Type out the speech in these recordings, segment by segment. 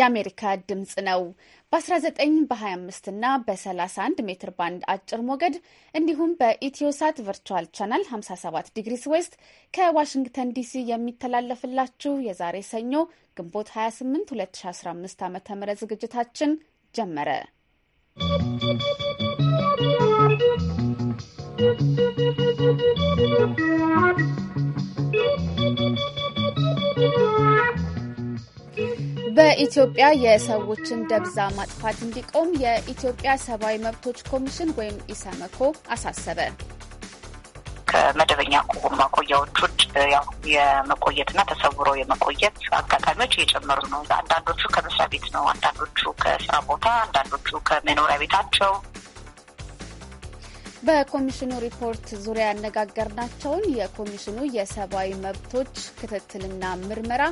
የአሜሪካ ድምፅ ነው። በ19 በ25 እና በ31 ሜትር ባንድ አጭር ሞገድ እንዲሁም በኢትዮሳት ቨርቹዋል ቻናል 57 ዲግሪስ ዌስት ከዋሽንግተን ዲሲ የሚተላለፍላችሁ የዛሬ ሰኞ ግንቦት 28 2015 ዓ ም ዝግጅታችን ጀመረ። ¶¶ በኢትዮጵያ የሰዎችን ደብዛ ማጥፋት እንዲቆም የኢትዮጵያ ሰብአዊ መብቶች ኮሚሽን ወይም ኢሰመኮ አሳሰበ። ከመደበኛ ማቆያዎች ውጭ ያው የመቆየትና ተሰውሮ የመቆየት አጋጣሚዎች እየጨመሩ ነው። አንዳንዶቹ ከመስሪያ ቤት ነው፣ አንዳንዶቹ ከስራ ቦታ፣ አንዳንዶቹ ከመኖሪያ ቤታቸው በኮሚሽኑ ሪፖርት ዙሪያ ያነጋገርናቸውን የኮሚሽኑ የሰብአዊ መብቶች ክትትልና ምርመራ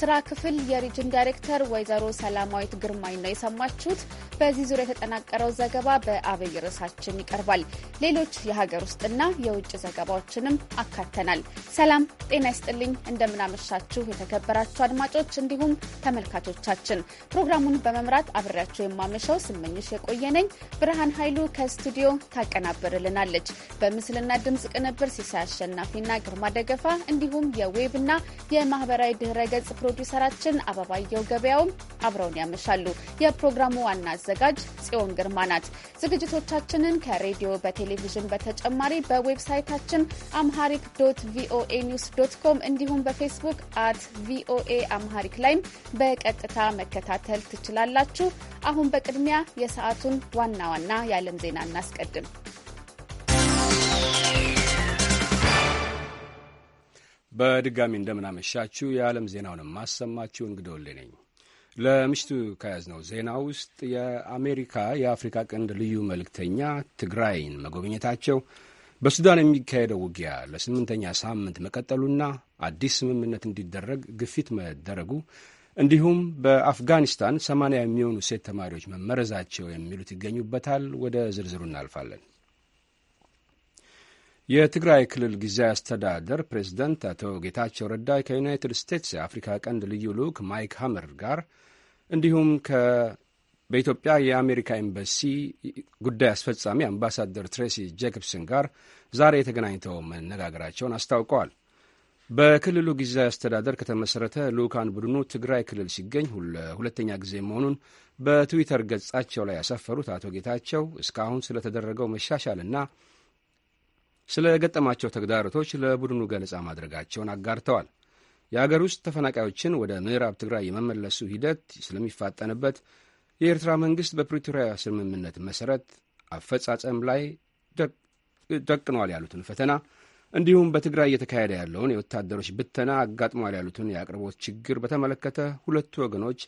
ስራ ክፍል የሪጅን ዳይሬክተር ወይዘሮ ሰላማዊት ግርማኝ ነው የሰማችሁት። በዚህ ዙሪያ የተጠናቀረው ዘገባ በአብይ ርዕሳችን ይቀርባል። ሌሎች የሀገር ውስጥና የውጭ ዘገባዎችንም አካተናል። ሰላም ጤና ይስጥልኝ፣ እንደምናመሻችሁ የተከበራችሁ አድማጮች እንዲሁም ተመልካቾቻችን። ፕሮግራሙን በመምራት አብሬያችሁ የማመሸው ስመኝሽ የቆየነኝ ብርሃን ኃይሉ ከስቱዲዮ ታቀናበር ታቀናብርልናለች። በምስልና ድምፅ ቅንብር ሲሳይ አሸናፊና ግርማ ደገፋ እንዲሁም የዌብና የማህበራዊ ድህረ ገጽ ፕሮዲውሰራችን አበባየው ገበያውም አብረውን ያመሻሉ። የፕሮግራሙ ዋና አዘጋጅ ጽዮን ግርማ ናት። ዝግጅቶቻችንን ከሬዲዮ በቴሌቪዥን በተጨማሪ በዌብሳይታችን አምሃሪክ ዶት ቪኦኤ ኒውስ ዶት ኮም እንዲሁም በፌስቡክ አት ቪኦኤ አምሃሪክ ላይም በቀጥታ መከታተል ትችላላችሁ። አሁን በቅድሚያ የሰዓቱን ዋና ዋና የዓለም ዜና እናስቀድም። በድጋሚ እንደምናመሻችሁ የዓለም ዜናውን የማሰማችሁ እንግዳ ነኝ። ለምሽቱ ከያዝነው ዜና ውስጥ የአሜሪካ የአፍሪካ ቀንድ ልዩ መልእክተኛ ትግራይን መጎብኘታቸው፣ በሱዳን የሚካሄደው ውጊያ ለስምንተኛ ሳምንት መቀጠሉና አዲስ ስምምነት እንዲደረግ ግፊት መደረጉ እንዲሁም በአፍጋኒስታን ሰማንያ የሚሆኑ ሴት ተማሪዎች መመረዛቸው የሚሉት ይገኙበታል። ወደ ዝርዝሩ እናልፋለን። የትግራይ ክልል ጊዜያዊ አስተዳደር ፕሬዚደንት አቶ ጌታቸው ረዳ ከዩናይትድ ስቴትስ የአፍሪካ ቀንድ ልዩ ልዑክ ማይክ ሀመር ጋር እንዲሁም በኢትዮጵያ የአሜሪካ ኤምባሲ ጉዳይ አስፈጻሚ አምባሳደር ትሬሲ ጄኮብሰን ጋር ዛሬ ተገናኝተው መነጋገራቸውን አስታውቀዋል። በክልሉ ጊዜያዊ አስተዳደር ከተመሠረተ ልዑካን ቡድኑ ትግራይ ክልል ሲገኝ ሁለተኛ ጊዜ መሆኑን በትዊተር ገጻቸው ላይ ያሰፈሩት አቶ ጌታቸው እስካሁን ስለተደረገው መሻሻልና ስለ ገጠማቸው ተግዳሮቶች ለቡድኑ ገለጻ ማድረጋቸውን አጋርተዋል። የአገር ውስጥ ተፈናቃዮችን ወደ ምዕራብ ትግራይ የመመለሱ ሂደት ስለሚፋጠንበት የኤርትራ መንግሥት በፕሪቶሪያ ስምምነት መሠረት አፈጻጸም ላይ ደቅኗል ያሉትን ፈተና እንዲሁም በትግራይ እየተካሄደ ያለውን የወታደሮች ብተና አጋጥሟል ያሉትን የአቅርቦት ችግር በተመለከተ ሁለቱ ወገኖች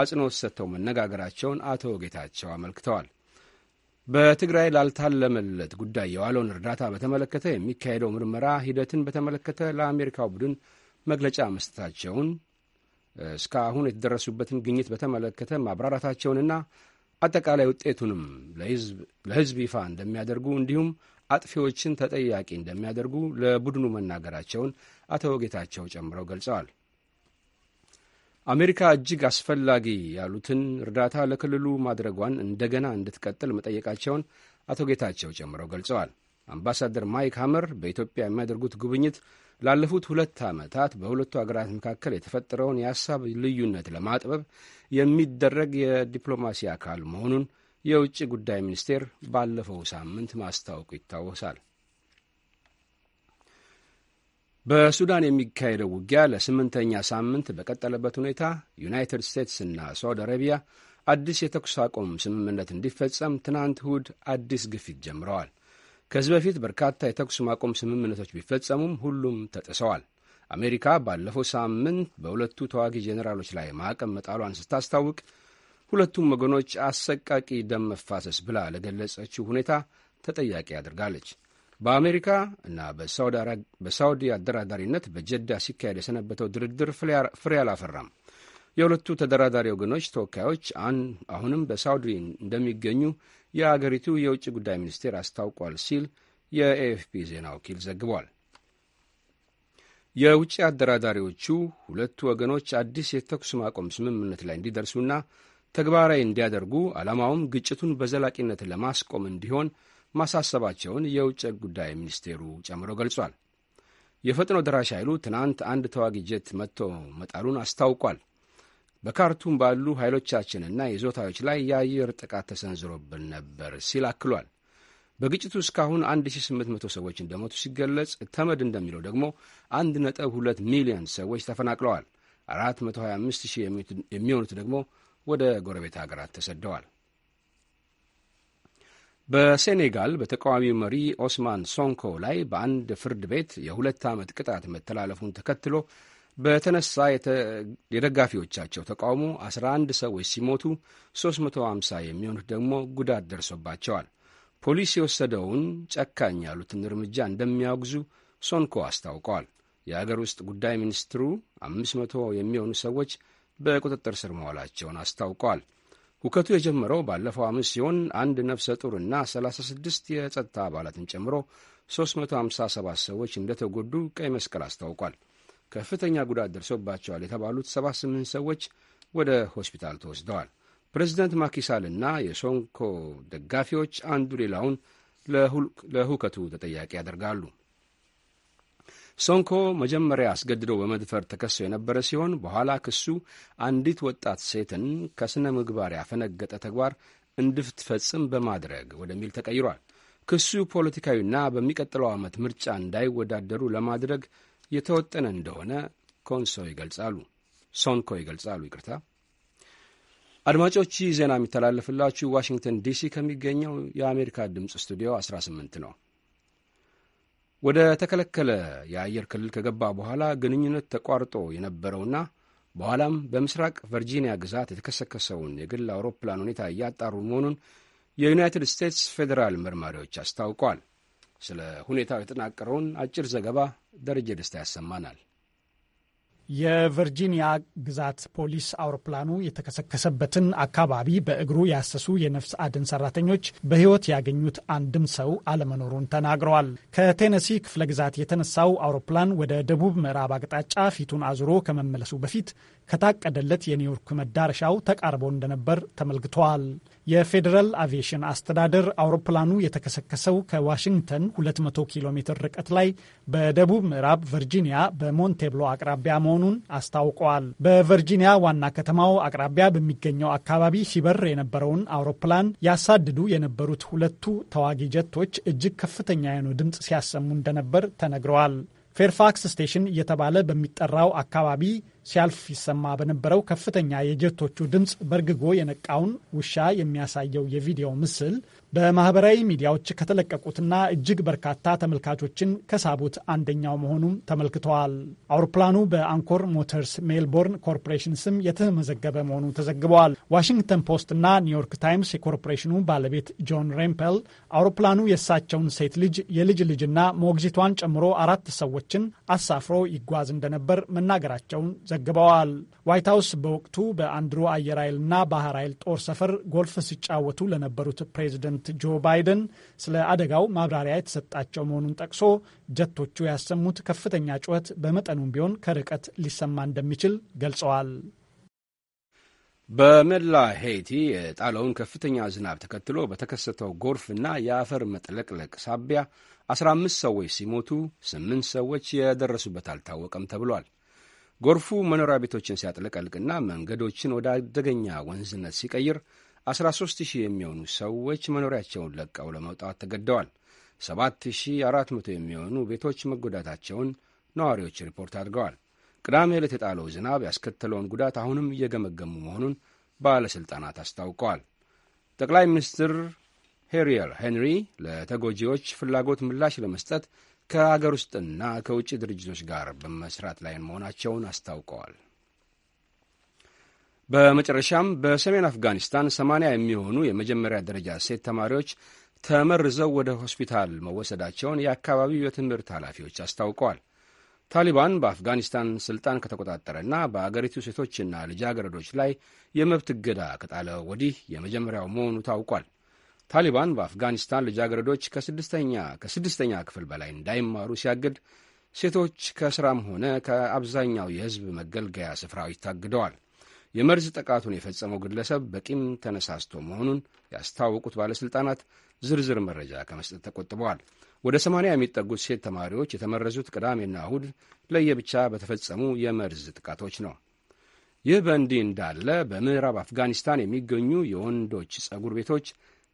አጽንኦት ሰጥተው መነጋገራቸውን አቶ ጌታቸው አመልክተዋል። በትግራይ ላልታለመለት ጉዳይ የዋለውን እርዳታ በተመለከተ የሚካሄደው ምርመራ ሂደትን በተመለከተ ለአሜሪካው ቡድን መግለጫ መስጠታቸውን እስካሁን የተደረሱበትን ግኝት በተመለከተ ማብራራታቸውንና አጠቃላይ ውጤቱንም ለሕዝብ ይፋ እንደሚያደርጉ እንዲሁም አጥፊዎችን ተጠያቂ እንደሚያደርጉ ለቡድኑ መናገራቸውን አቶ ጌታቸው ጨምረው ገልጸዋል። አሜሪካ እጅግ አስፈላጊ ያሉትን እርዳታ ለክልሉ ማድረጓን እንደገና እንድትቀጥል መጠየቃቸውን አቶ ጌታቸው ጨምረው ገልጸዋል። አምባሳደር ማይክ ሀመር በኢትዮጵያ የሚያደርጉት ጉብኝት ላለፉት ሁለት ዓመታት በሁለቱ አገራት መካከል የተፈጠረውን የሀሳብ ልዩነት ለማጥበብ የሚደረግ የዲፕሎማሲ አካል መሆኑን የውጭ ጉዳይ ሚኒስቴር ባለፈው ሳምንት ማስታወቁ ይታወሳል። በሱዳን የሚካሄደው ውጊያ ለስምንተኛ ሳምንት በቀጠለበት ሁኔታ ዩናይትድ እና ሳውዲ አረቢያ አዲስ የተኩስ አቁም ስምምነት እንዲፈጸም ትናንት እሁድ አዲስ ግፊት ጀምረዋል። ከዚህ በፊት በርካታ የተኩስ ማቆም ስምምነቶች ቢፈጸሙም ሁሉም ተጥሰዋል። አሜሪካ ባለፈው ሳምንት በሁለቱ ተዋጊ ጄኔራሎች ላይ ማዕቀብ መጣሏን ስታስታውቅ ሁለቱም ወገኖች አሰቃቂ ደም መፋሰስ ብላ ለገለጸችው ሁኔታ ተጠያቂ አድርጋለች። በአሜሪካ እና በሳውዲ አደራዳሪነት በጀዳ ሲካሄድ የሰነበተው ድርድር ፍሬ አላፈራም። የሁለቱ ተደራዳሪ ወገኖች ተወካዮች አሁንም በሳውዲ እንደሚገኙ የአገሪቱ የውጭ ጉዳይ ሚኒስቴር አስታውቋል ሲል የኤኤፍፒ ዜና ወኪል ዘግቧል። የውጭ አደራዳሪዎቹ ሁለቱ ወገኖች አዲስ የተኩስ ማቆም ስምምነት ላይ እንዲደርሱና ተግባራዊ እንዲያደርጉ ዓላማውም ግጭቱን በዘላቂነት ለማስቆም እንዲሆን ማሳሰባቸውን የውጭ ጉዳይ ሚኒስቴሩ ጨምሮ ገልጿል። የፈጥኖ ደራሽ ኃይሉ ትናንት አንድ ተዋጊ ጀት መጥቶ መጣሉን አስታውቋል። በካርቱም ባሉ ኃይሎቻችንና ይዞታዎች ላይ የአየር ጥቃት ተሰንዝሮብን ነበር ሲል አክሏል። በግጭቱ እስካሁን 1800 ሰዎች እንደሞቱ ሲገለጽ ተመድ እንደሚለው ደግሞ 1.2 ሚሊዮን ሰዎች ተፈናቅለዋል። 425 ሺህ የሚሆኑት ደግሞ ወደ ጎረቤት ሀገራት ተሰደዋል። በሴኔጋል በተቃዋሚው መሪ ኦስማን ሶንኮ ላይ በአንድ ፍርድ ቤት የሁለት ዓመት ቅጣት መተላለፉን ተከትሎ በተነሳ የደጋፊዎቻቸው ተቃውሞ 11 ሰዎች ሲሞቱ 350 የሚሆኑት ደግሞ ጉዳት ደርሶባቸዋል። ፖሊስ የወሰደውን ጨካኝ ያሉትን እርምጃ እንደሚያወግዙ ሶንኮ አስታውቀዋል። የአገር ውስጥ ጉዳይ ሚኒስትሩ 500 የሚሆኑ ሰዎች በቁጥጥር ስር መዋላቸውን አስታውቀዋል። ሁከቱ የጀመረው ባለፈው አምስት ሲሆን አንድ ነፍሰ ጡርና 36 የጸጥታ አባላትን ጨምሮ 357 ሰዎች እንደተጎዱ ቀይ መስቀል አስታውቋል። ከፍተኛ ጉዳት ደርሶባቸዋል የተባሉት 78 ሰዎች ወደ ሆስፒታል ተወስደዋል። ፕሬዚደንት ማኪሳልና የሶንኮ ደጋፊዎች አንዱ ሌላውን ለሁከቱ ተጠያቂ ያደርጋሉ። ሶንኮ መጀመሪያ አስገድዶ በመድፈር ተከሶ የነበረ ሲሆን በኋላ ክሱ አንዲት ወጣት ሴትን ከሥነ ምግባር ያፈነገጠ ተግባር እንድትፈጽም በማድረግ ወደሚል ተቀይሯል። ክሱ ፖለቲካዊና በሚቀጥለው ዓመት ምርጫ እንዳይወዳደሩ ለማድረግ የተወጠነ እንደሆነ ኮንሶ ይገልጻሉ። ሶንኮ ይገልጻሉ። ይቅርታ አድማጮች፣ ዜና የሚተላለፍላችሁ ዋሽንግተን ዲሲ ከሚገኘው የአሜሪካ ድምፅ ስቱዲዮ 18 ነው። ወደ ተከለከለ የአየር ክልል ከገባ በኋላ ግንኙነት ተቋርጦ የነበረውና በኋላም በምስራቅ ቨርጂኒያ ግዛት የተከሰከሰውን የግል አውሮፕላን ሁኔታ እያጣሩ መሆኑን የዩናይትድ ስቴትስ ፌዴራል መርማሪዎች አስታውቋል። ስለ ሁኔታው የተጠናቀረውን አጭር ዘገባ ደረጀ ደስታ ያሰማናል። የቨርጂኒያ ግዛት ፖሊስ አውሮፕላኑ የተከሰከሰበትን አካባቢ በእግሩ ያሰሱ የነፍስ አድን ሰራተኞች በሕይወት ያገኙት አንድም ሰው አለመኖሩን ተናግረዋል። ከቴነሲ ክፍለ ግዛት የተነሳው አውሮፕላን ወደ ደቡብ ምዕራብ አቅጣጫ ፊቱን አዙሮ ከመመለሱ በፊት ከታቀደለት የኒውዮርክ መዳረሻው ተቃርቦ እንደነበር ተመልክተዋል። የፌዴራል አቪዬሽን አስተዳደር አውሮፕላኑ የተከሰከሰው ከዋሽንግተን 200 ኪሎ ሜትር ርቀት ላይ በደቡብ ምዕራብ ቨርጂኒያ በሞንቴብሎ አቅራቢያ መሆኑን አስታውቀዋል። በቨርጂኒያ ዋና ከተማው አቅራቢያ በሚገኘው አካባቢ ሲበር የነበረውን አውሮፕላን ያሳድዱ የነበሩት ሁለቱ ተዋጊ ጀቶች እጅግ ከፍተኛ የሆነ ድምፅ ሲያሰሙ እንደነበር ተነግረዋል። ፌርፋክስ ስቴሽን እየተባለ በሚጠራው አካባቢ ሲያልፍ ይሰማ በነበረው ከፍተኛ የጀቶቹ ድምፅ በርግጎ የነቃውን ውሻ የሚያሳየው የቪዲዮ ምስል በማህበራዊ ሚዲያዎች ከተለቀቁትና እጅግ በርካታ ተመልካቾችን ከሳቡት አንደኛው መሆኑም ተመልክተዋል። አውሮፕላኑ በአንኮር ሞተርስ ሜልቦርን ኮርፖሬሽን ስም የተመዘገበ መሆኑ ተዘግበዋል። ዋሽንግተን ፖስት እና ኒውዮርክ ታይምስ የኮርፖሬሽኑ ባለቤት ጆን ሬምፐል አውሮፕላኑ የእሳቸውን ሴት ልጅ የልጅ ልጅና ሞግዚቷን ጨምሮ አራት ሰዎችን አሳፍሮ ይጓዝ እንደነበር መናገራቸውን ዘግበዋል። ዋይት ሀውስ በወቅቱ በአንድሮ አየር ኃይልና ባህር ኃይል ጦር ሰፈር ጎልፍ ሲጫወቱ ለነበሩት ፕሬዚደንት ፕሬዚደንት ጆ ባይደን ስለ አደጋው ማብራሪያ የተሰጣቸው መሆኑን ጠቅሶ ጀቶቹ ያሰሙት ከፍተኛ ጩኸት በመጠኑም ቢሆን ከርቀት ሊሰማ እንደሚችል ገልጸዋል። በመላ ሄይቲ የጣለውን ከፍተኛ ዝናብ ተከትሎ በተከሰተው ጎርፍና የአፈር መጥለቅለቅ ሳቢያ 15 ሰዎች ሲሞቱ 8 ሰዎች የደረሱበት አልታወቀም ተብሏል። ጎርፉ መኖሪያ ቤቶችን ሲያጥለቀልቅና መንገዶችን ወደ አደገኛ ወንዝነት ሲቀይር 13,000 ሺህ የሚሆኑ ሰዎች መኖሪያቸውን ለቀው ለመውጣት ተገደዋል። 7400 የሚሆኑ ቤቶች መጎዳታቸውን ነዋሪዎች ሪፖርት አድርገዋል። ቅዳሜ ዕለት የጣለው ዝናብ ያስከተለውን ጉዳት አሁንም እየገመገሙ መሆኑን ባለሥልጣናት አስታውቀዋል። ጠቅላይ ሚኒስትር ሄሪየር ሄንሪ ለተጎጂዎች ፍላጎት ምላሽ ለመስጠት ከአገር ውስጥና ከውጭ ድርጅቶች ጋር በመስራት ላይ መሆናቸውን አስታውቀዋል። በመጨረሻም በሰሜን አፍጋኒስታን 80 የሚሆኑ የመጀመሪያ ደረጃ ሴት ተማሪዎች ተመርዘው ወደ ሆስፒታል መወሰዳቸውን የአካባቢው የትምህርት ኃላፊዎች አስታውቀዋል። ታሊባን በአፍጋኒስታን ስልጣን ከተቆጣጠረና በአገሪቱ ሴቶችና ልጃገረዶች ላይ የመብት እገዳ ከጣለ ወዲህ የመጀመሪያው መሆኑ ታውቋል። ታሊባን በአፍጋኒስታን ልጃገረዶች ከስድስተኛ ከስድስተኛ ክፍል በላይ እንዳይማሩ ሲያግድ፣ ሴቶች ከሥራም ሆነ ከአብዛኛው የሕዝብ መገልገያ ስፍራዎች ታግደዋል። የመርዝ ጥቃቱን የፈጸመው ግለሰብ በቂም ተነሳስቶ መሆኑን ያስታወቁት ባለሥልጣናት ዝርዝር መረጃ ከመስጠት ተቆጥበዋል። ወደ ሰማንያ የሚጠጉት ሴት ተማሪዎች የተመረዙት ቅዳሜና እሁድ ለየብቻ በተፈጸሙ የመርዝ ጥቃቶች ነው። ይህ በእንዲህ እንዳለ በምዕራብ አፍጋኒስታን የሚገኙ የወንዶች ጸጉር ቤቶች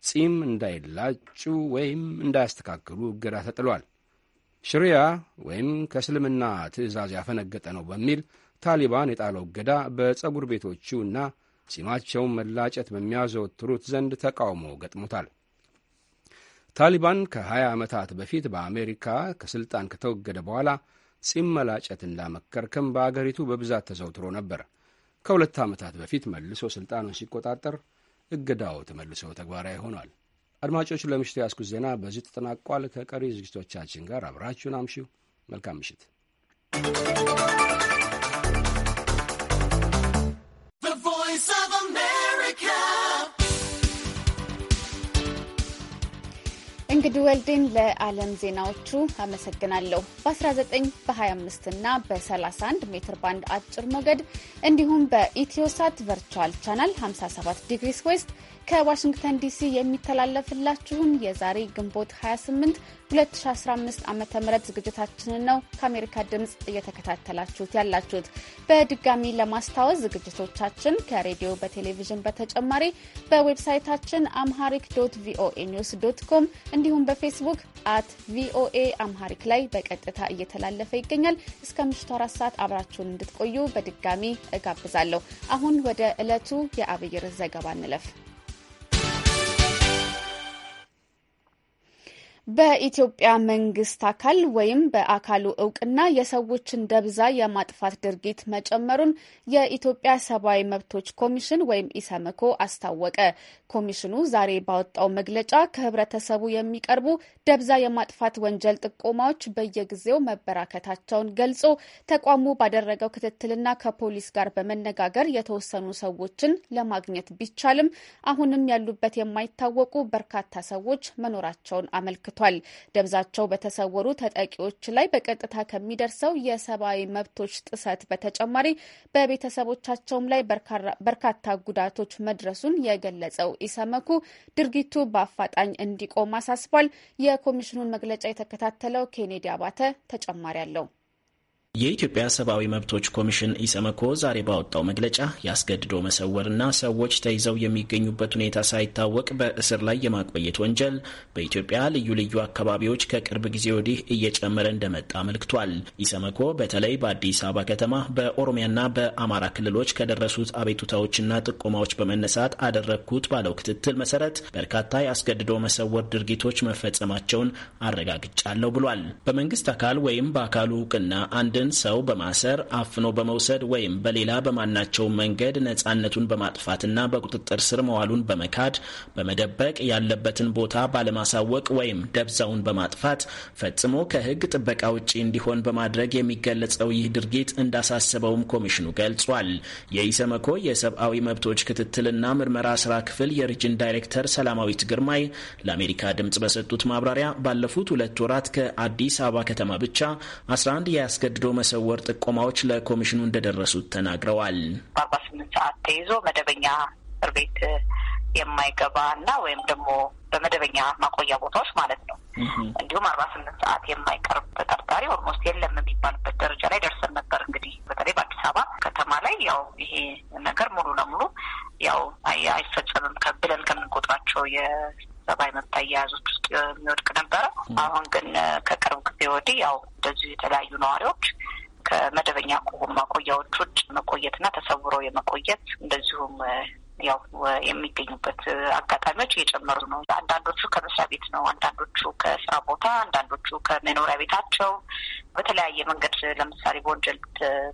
ጺም እንዳይላጩ ወይም እንዳያስተካክሉ እገዳ ተጥሏል። ሽሪያ ወይም ከእስልምና ትዕዛዝ ያፈነገጠ ነው በሚል ታሊባን የጣለው እገዳ በፀጉር ቤቶቹ እና ጺማቸውን መላጨት በሚያዘወትሩት ዘንድ ተቃውሞ ገጥሞታል። ታሊባን ከ20 ዓመታት በፊት በአሜሪካ ከሥልጣን ከተወገደ በኋላ ጺም መላጨት እንዳመከርከም በአገሪቱ በብዛት ተዘውትሮ ነበር። ከሁለት ዓመታት በፊት መልሶ ሥልጣኑን ሲቆጣጠር እገዳው ተመልሶ ተግባራዊ ሆኗል። አድማጮች፣ ለምሽቱ ያስኩት ዜና በዚህ ተጠናቋል። ከቀሪ ዝግጅቶቻችን ጋር አብራችሁን አምሹ መልካም ምሽት። እንግዲህ ወልዴን ለዓለም ዜናዎቹ አመሰግናለሁ። በ19 በ25 እና በ31 ሜትር ባንድ አጭር ሞገድ እንዲሁም በኢትዮሳት ቨርቹዋል ቻናል 57 ዲግሪስ ዌስት ከዋሽንግተን ዲሲ የሚተላለፍላችሁን የዛሬ ግንቦት 28 2015 ዓ ም ዝግጅታችንን ነው ከአሜሪካ ድምፅ እየተከታተላችሁት ያላችሁት። በድጋሚ ለማስታወስ ዝግጅቶቻችን ከሬዲዮ በቴሌቪዥን በተጨማሪ በዌብሳይታችን አምሃሪክ ዶት ቪኦኤ ኒውስ ዶት ኮም እንዲሁም በፌስቡክ አት ቪኦኤ አምሃሪክ ላይ በቀጥታ እየተላለፈ ይገኛል። እስከ ምሽቱ አራት ሰዓት አብራችሁን እንድትቆዩ በድጋሚ እጋብዛለሁ። አሁን ወደ ዕለቱ የአብይር ዘገባ እንለፍ። በኢትዮጵያ መንግስት አካል ወይም በአካሉ እውቅና የሰዎችን ደብዛ የማጥፋት ድርጊት መጨመሩን የኢትዮጵያ ሰብአዊ መብቶች ኮሚሽን ወይም ኢሰመኮ አስታወቀ። ኮሚሽኑ ዛሬ ባወጣው መግለጫ ከህብረተሰቡ የሚቀርቡ ደብዛ የማጥፋት ወንጀል ጥቆማዎች በየጊዜው መበራከታቸውን ገልጾ ተቋሙ ባደረገው ክትትልና ከፖሊስ ጋር በመነጋገር የተወሰኑ ሰዎችን ለማግኘት ቢቻልም አሁንም ያሉበት የማይታወቁ በርካታ ሰዎች መኖራቸውን አመልክቷል። ደብዛቸው በተሰወሩ ተጠቂዎች ላይ በቀጥታ ከሚደርሰው የሰብአዊ መብቶች ጥሰት በተጨማሪ በቤተሰቦቻቸውም ላይ በርካታ ጉዳቶች መድረሱን የገለጸው ኢሰመኩ ድርጊቱ በአፋጣኝ እንዲቆም አሳስቧል። የኮሚሽኑን መግለጫ የተከታተለው ኬኔዲ አባተ ተጨማሪ አለው። የኢትዮጵያ ሰብአዊ መብቶች ኮሚሽን ኢሰመኮ ዛሬ ባወጣው መግለጫ ያስገድዶ መሰወርና ሰዎች ተይዘው የሚገኙበት ሁኔታ ሳይታወቅ በእስር ላይ የማቆየት ወንጀል በኢትዮጵያ ልዩ ልዩ አካባቢዎች ከቅርብ ጊዜ ወዲህ እየጨመረ እንደመጣ አመልክቷል። ኢሰመኮ በተለይ በአዲስ አበባ ከተማ በኦሮሚያና በአማራ ክልሎች ከደረሱት አቤቱታዎችና ጥቆማዎች በመነሳት አደረግኩት ባለው ክትትል መሰረት በርካታ ያስገድዶ መሰወር ድርጊቶች መፈጸማቸውን አረጋግጫለሁ ብሏል። በመንግስት አካል ወይም በአካሉ እውቅና አንድ ቡድን ሰው በማሰር አፍኖ በመውሰድ ወይም በሌላ በማናቸው መንገድ ነጻነቱን በማጥፋትና በቁጥጥር ስር መዋሉን በመካድ በመደበቅ ያለበትን ቦታ ባለማሳወቅ ወይም ደብዛውን በማጥፋት ፈጽሞ ከሕግ ጥበቃ ውጪ እንዲሆን በማድረግ የሚገለጸው ይህ ድርጊት እንዳሳሰበውም ኮሚሽኑ ገልጿል። የኢሰመኮ የሰብአዊ መብቶች ክትትልና ምርመራ ስራ ክፍል የሪጅን ዳይሬክተር ሰላማዊት ግርማይ ለአሜሪካ ድምጽ በሰጡት ማብራሪያ ባለፉት ሁለት ወራት ከአዲስ አበባ ከተማ ብቻ 11 የአስገድዶ መሰወር ጥቆማዎች ለኮሚሽኑ እንደደረሱት ተናግረዋል። በአርባ ስምንት ሰዓት ተይዞ መደበኛ እስር ቤት የማይገባ እና ወይም ደግሞ በመደበኛ ማቆያ ቦታዎች ማለት ነው። እንዲሁም አርባ ስምንት ሰዓት የማይቀርብ ተጠርጣሪ ኦልሞስት የለም የሚባልበት ደረጃ ላይ ደርሰን ነበር። እንግዲህ በተለይ በአዲስ አበባ ከተማ ላይ ያው ይሄ ነገር ሙሉ ለሙሉ ያው አይፈጸምም ከብለን ከምንቆጥራቸው የሰብአዊ መብት አያያዞች ውስጥ የሚወድቅ ነበረ። አሁን ግን ከቅርብ ጊዜ ወዲህ ያው እንደዚሁ የተለያዩ ነዋሪዎች ከመደበኛ ከሆኑ ማቆያዎች ውጭ መቆየትና ተሰውሮ የመቆየት እንደዚሁም ያው የሚገኙበት አጋጣሚዎች እየጨመሩ ነው። አንዳንዶቹ ከመስሪያ ቤት ነው፣ አንዳንዶቹ ከስራ ቦታ፣ አንዳንዶቹ ከመኖሪያ ቤታቸው በተለያየ መንገድ ለምሳሌ በወንጀል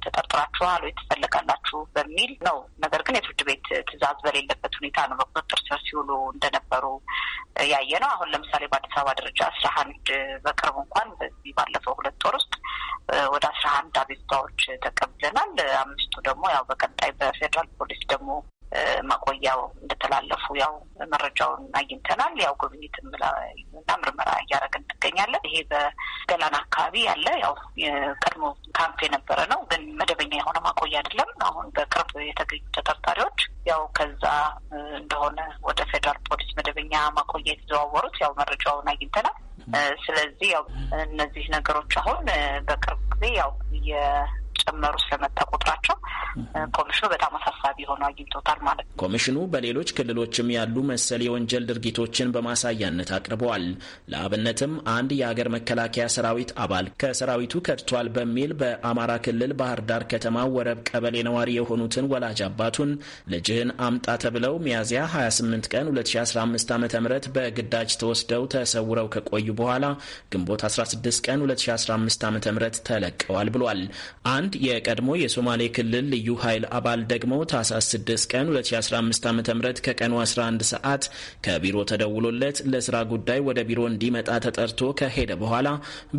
ተጠርጥራችኋል ወይ ትፈለጋላችሁ በሚል ነው። ነገር ግን የፍርድ ቤት ትዕዛዝ በሌለበት ሁኔታ ነው በቁጥጥር ስር ሲውሉ እንደነበሩ ያየ ነው። አሁን ለምሳሌ በአዲስ አበባ ደረጃ አስራ አንድ በቅርቡ እንኳን በዚህ ባለፈው ሁለት ወር ውስጥ ወደ አስራ አንድ አቤቱታዎች ተቀብለናል። አምስቱ ደግሞ ያው በቀጣይ በፌዴራል ፖሊስ ደግሞ ያው መረጃውን አግኝተናል። ያው ጉብኝት እና ምርመራ እያደረግን እንገኛለን። ይሄ በገላን አካባቢ ያለ ያው የቀድሞ ካምፕ የነበረ ነው፣ ግን መደበኛ የሆነ ማቆያ አይደለም። አሁን በቅርብ የተገኙ ተጠርጣሪዎች ያው ከዛ እንደሆነ ወደ ፌዴራል ፖሊስ መደበኛ ማቆያ የተዘዋወሩት ያው መረጃውን አግኝተናል። ስለዚህ ያው እነዚህ ነገሮች አሁን በቅርብ ጊዜ ያው እየጨመሩ ስለመጣ ቁጥራቸው ኮሚሽኑ በጣም አሳሳቢ ሆኖ አግኝቶታል ማለት ነው። ኮሚሽኑ በሌሎች ክልሎችም ያሉ መሰል የወንጀል ድርጊቶችን በማሳያነት አቅርበዋል። ለአብነትም አንድ የሀገር መከላከያ ሰራዊት አባል ከሰራዊቱ ከድቷል በሚል በአማራ ክልል ባህር ዳር ከተማ ወረብ ቀበሌ ነዋሪ የሆኑትን ወላጅ አባቱን ልጅህን አምጣ ተብለው ሚያዝያ 28 ቀን 2015 ዓ ም በግዳጅ ተወስደው ተሰውረው ከቆዩ በኋላ ግንቦት 16 ቀን 2015 ዓ ም ተለቀዋል ብሏል። አንድ የቀድሞ የሶማሌ ክልል ልዩ ኃይል አባል ደግሞ ታህሳስ 6 ቀን 2015 ዓ ም ከቀኑ 11 ሰዓት ከቢሮ ተደውሎለት ለስራ ጉዳይ ወደ ቢሮ እንዲመጣ ተጠርቶ ከሄደ በኋላ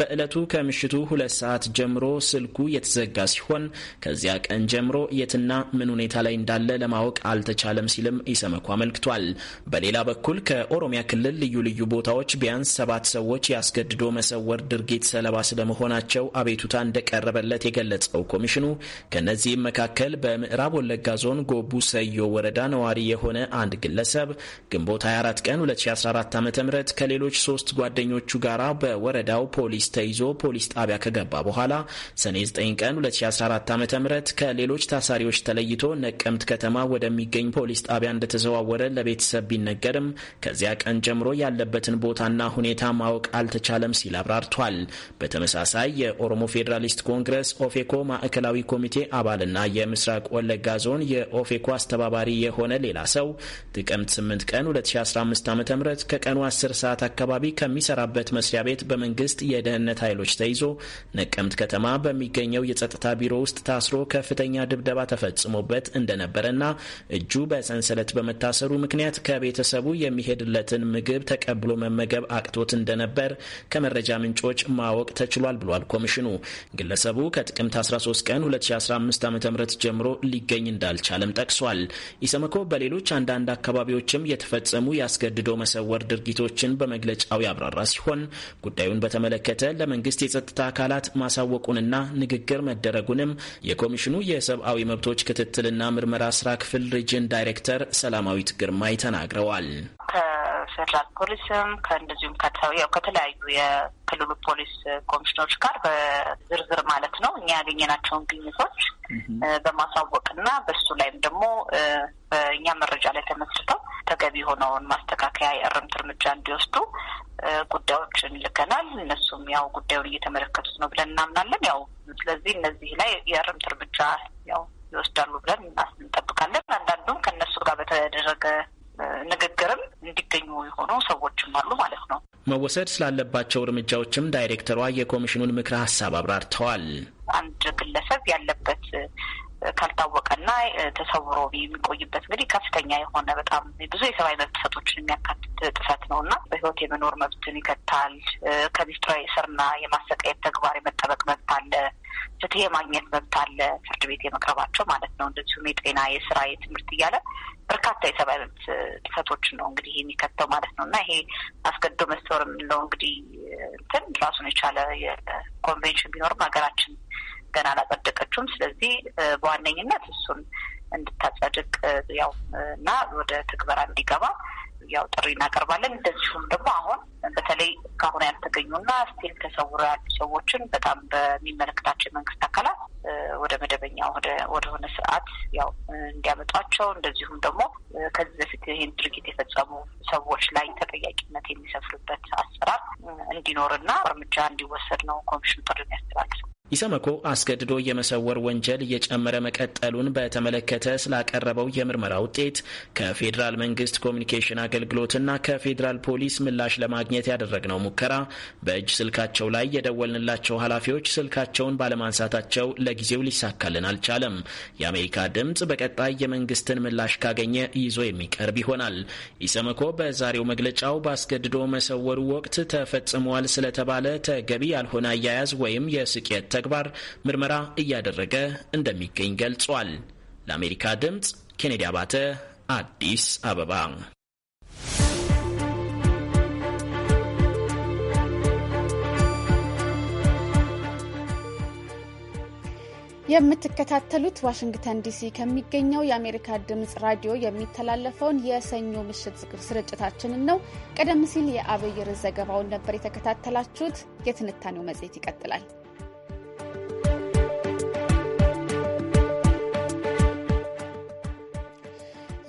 በዕለቱ ከምሽቱ ሁለት ሰዓት ጀምሮ ስልኩ የተዘጋ ሲሆን ከዚያ ቀን ጀምሮ የትና ምን ሁኔታ ላይ እንዳለ ለማወቅ አልተቻለም ሲልም ኢሰመኮ አመልክቷል። በሌላ በኩል ከኦሮሚያ ክልል ልዩ ልዩ ቦታዎች ቢያንስ ሰባት ሰዎች ያስገድዶ መሰወር ድርጊት ሰለባ ስለመሆናቸው አቤቱታ እንደቀረበለት የገለጸው የገለጸው ኮሚሽኑ ከእነዚህም መካከል በምዕራብ ወለጋ ዞን ጎቡ ሰዮ ወረዳ ነዋሪ የሆነ አንድ ግለሰብ ግንቦት 24 ቀን 2014 ዓ ም ከሌሎች ሶስት ጓደኞቹ ጋር በወረዳው ፖሊስ ተይዞ ፖሊስ ጣቢያ ከገባ በኋላ ሰኔ 9 ቀን 2014 ዓ ም ከሌሎች ታሳሪዎች ተለይቶ ነቀምት ከተማ ወደሚገኝ ፖሊስ ጣቢያ እንደተዘዋወረ ለቤተሰብ ቢነገርም ከዚያ ቀን ጀምሮ ያለበትን ቦታና ሁኔታ ማወቅ አልተቻለም ሲል አብራርቷል። በተመሳሳይ የኦሮሞ ፌዴራሊስት ኮንግረስ ኦፌኮ ማዕከላዊ ኮሚቴ አባልና የምስራቅ ወለጋ ዞን የኦፌኮ አስተባባሪ የሆነ ሌላ ሰው ጥቅምት 8 ቀን 2015 ዓ ም ከቀኑ 10 ሰዓት አካባቢ ከሚሰራበት መስሪያ ቤት በመንግስት የደህንነት ኃይሎች ተይዞ ነቀምት ከተማ በሚገኘው የጸጥታ ቢሮ ውስጥ ታስሮ ከፍተኛ ድብደባ ተፈጽሞበት እንደነበረና እጁ በሰንሰለት በመታሰሩ ምክንያት ከቤተሰቡ የሚሄድለትን ምግብ ተቀብሎ መመገብ አቅቶት እንደነበር ከመረጃ ምንጮች ማወቅ ተችሏል ብሏል ኮሚሽኑ። ግለሰቡ ከጥቅምት 13 ቀን 2015 ዓ ም ጀምሮ ሊገኝ እንዳልቻለም ጠቅሷል። ኢሰመኮ በሌሎች አንዳንድ አካባቢዎችም የተፈጸሙ ያስገድዶ መሰወር ድርጊቶችን በመግለጫው ያብራራ ሲሆን ጉዳዩን በተመለከተ ለመንግስት የጸጥታ አካላት ማሳወቁንና ንግግር መደረጉንም የኮሚሽኑ የሰብአዊ መብቶች ክትትልና ምርመራ ስራ ክፍል ሪጅን ዳይሬክተር ሰላማዊት ግርማይ ተናግረዋል። ከፌደራል ፖሊስም ከእንደዚሁም ከተለያዩ የክልሉ ፖሊስ ኮሚሽኖች ጋር በዝርዝር ማለት ነው እኛ ያገኘ ያገኘናቸውን ግኝቶች በማሳወቅ እና በሱ ላይም ደግሞ በእኛ መረጃ ላይ ተመስርተው ተገቢ የሆነውን ማስተካከያ የእርምት እርምጃ እንዲወስዱ ጉዳዮችን ልከናል። እነሱም ያው ጉዳዩን እየተመለከቱት ነው ብለን እናምናለን። ያው ስለዚህ እነዚህ ላይ የእርምት እርምጃ ያው ይወስዳሉ ብለን እንጠብቃለን። አንዳንዱም ከእነሱ ጋር በተደረገ ንግግርም እንዲገኙ የሆኑ ሰዎችም አሉ ማለት ነው። መወሰድ ስላለባቸው እርምጃዎችም ዳይሬክተሯ የኮሚሽኑን ምክረ ሀሳብ አብራርተዋል። አንድ ግለሰብ ያለበት ካልታወቀና ተሰውሮ የሚቆይበት እንግዲህ ከፍተኛ የሆነ በጣም ብዙ የሰብአዊ መብት ጥሰቶችን የሚያካትት ጥሰት ነው እና በህይወት የመኖር መብትን ይከታል። ከቢስትራ እስርና የማሰቃየት ተግባር የመጠበቅ መብት አለ። ፍትህ የማግኘት መብት አለ። ፍርድ ቤት የመቅረባቸው ማለት ነው። እንደዚሁም የጤና፣ የስራ፣ የትምህርት እያለ በርካታ የሰብአዊ መብት ጥሰቶች ነው እንግዲህ የሚከተው ማለት ነው እና ይሄ አስገድዶ መሰወር የምንለው እንግዲህ እንትን ራሱን የቻለ የኮንቬንሽን ቢኖርም ሀገራችን ገና አላጸደቀችውም። ስለዚህ በዋነኝነት እሱን እንድታጸድቅ ያው እና ወደ ትግበራ እንዲገባ ያው ጥሪ እናቀርባለን። እንደዚሁም ደግሞ አሁን በተለይ ከአሁን ያልተገኙና ስቲል ተሰውረው ያሉ ሰዎችን በጣም በሚመለከታቸው የመንግስት አካላት ወደ መደበኛ ወደሆነ ስርዓት ያው እንዲያመጧቸው እንደዚሁም ደግሞ ከዚህ በፊት ይህን ድርጊት የፈጸሙ ሰዎች ላይ ተጠያቂነት የሚሰፍርበት አሰራር እንዲኖርና እርምጃ እንዲወሰድ ነው ኮሚሽኑ ጥሪ ያስተላልፈው። ኢሰመኮ አስገድዶ የመሰወር ወንጀል እየጨመረ መቀጠሉን በተመለከተ ስላቀረበው የምርመራ ውጤት ከፌዴራል መንግስት ኮሚኒኬሽን አገልግሎትና ከፌዴራል ፖሊስ ምላሽ ለማግኘት ያደረግነው ሙከራ በእጅ ስልካቸው ላይ የደወልንላቸው ኃላፊዎች ስልካቸውን ባለማንሳታቸው ለጊዜው ሊሳካልን አልቻለም። የአሜሪካ ድምፅ በቀጣይ የመንግስትን ምላሽ ካገኘ ይዞ የሚቀርብ ይሆናል። ኢሰመኮ በዛሬው መግለጫው በአስገድዶ መሰወሩ ወቅት ተፈጽሟል ስለተባለ ተገቢ ያልሆነ አያያዝ ወይም የስቅየት ተግባር ምርመራ እያደረገ እንደሚገኝ ገልጿል። ለአሜሪካ ድምፅ ኬኔዲ አባተ አዲስ አበባ። የምትከታተሉት ዋሽንግተን ዲሲ ከሚገኘው የአሜሪካ ድምፅ ራዲዮ የሚተላለፈውን የሰኞ ምሽት ስርጭታችንን ነው። ቀደም ሲል የአብይር ዘገባውን ነበር የተከታተላችሁት። የትንታኔው መጽሔት ይቀጥላል።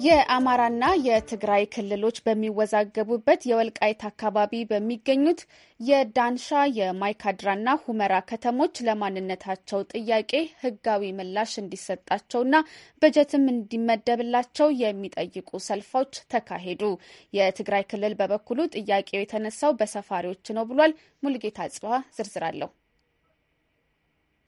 የአማራና የትግራይ ክልሎች በሚወዛገቡበት የወልቃይት አካባቢ በሚገኙት የዳንሻ የማይካድራና ሁመራ ከተሞች ለማንነታቸው ጥያቄ ሕጋዊ ምላሽ እንዲሰጣቸውና በጀትም እንዲመደብላቸው የሚጠይቁ ሰልፎች ተካሄዱ። የትግራይ ክልል በበኩሉ ጥያቄው የተነሳው በሰፋሪዎች ነው ብሏል። ሙልጌታ ጽዋ ዝርዝራለሁ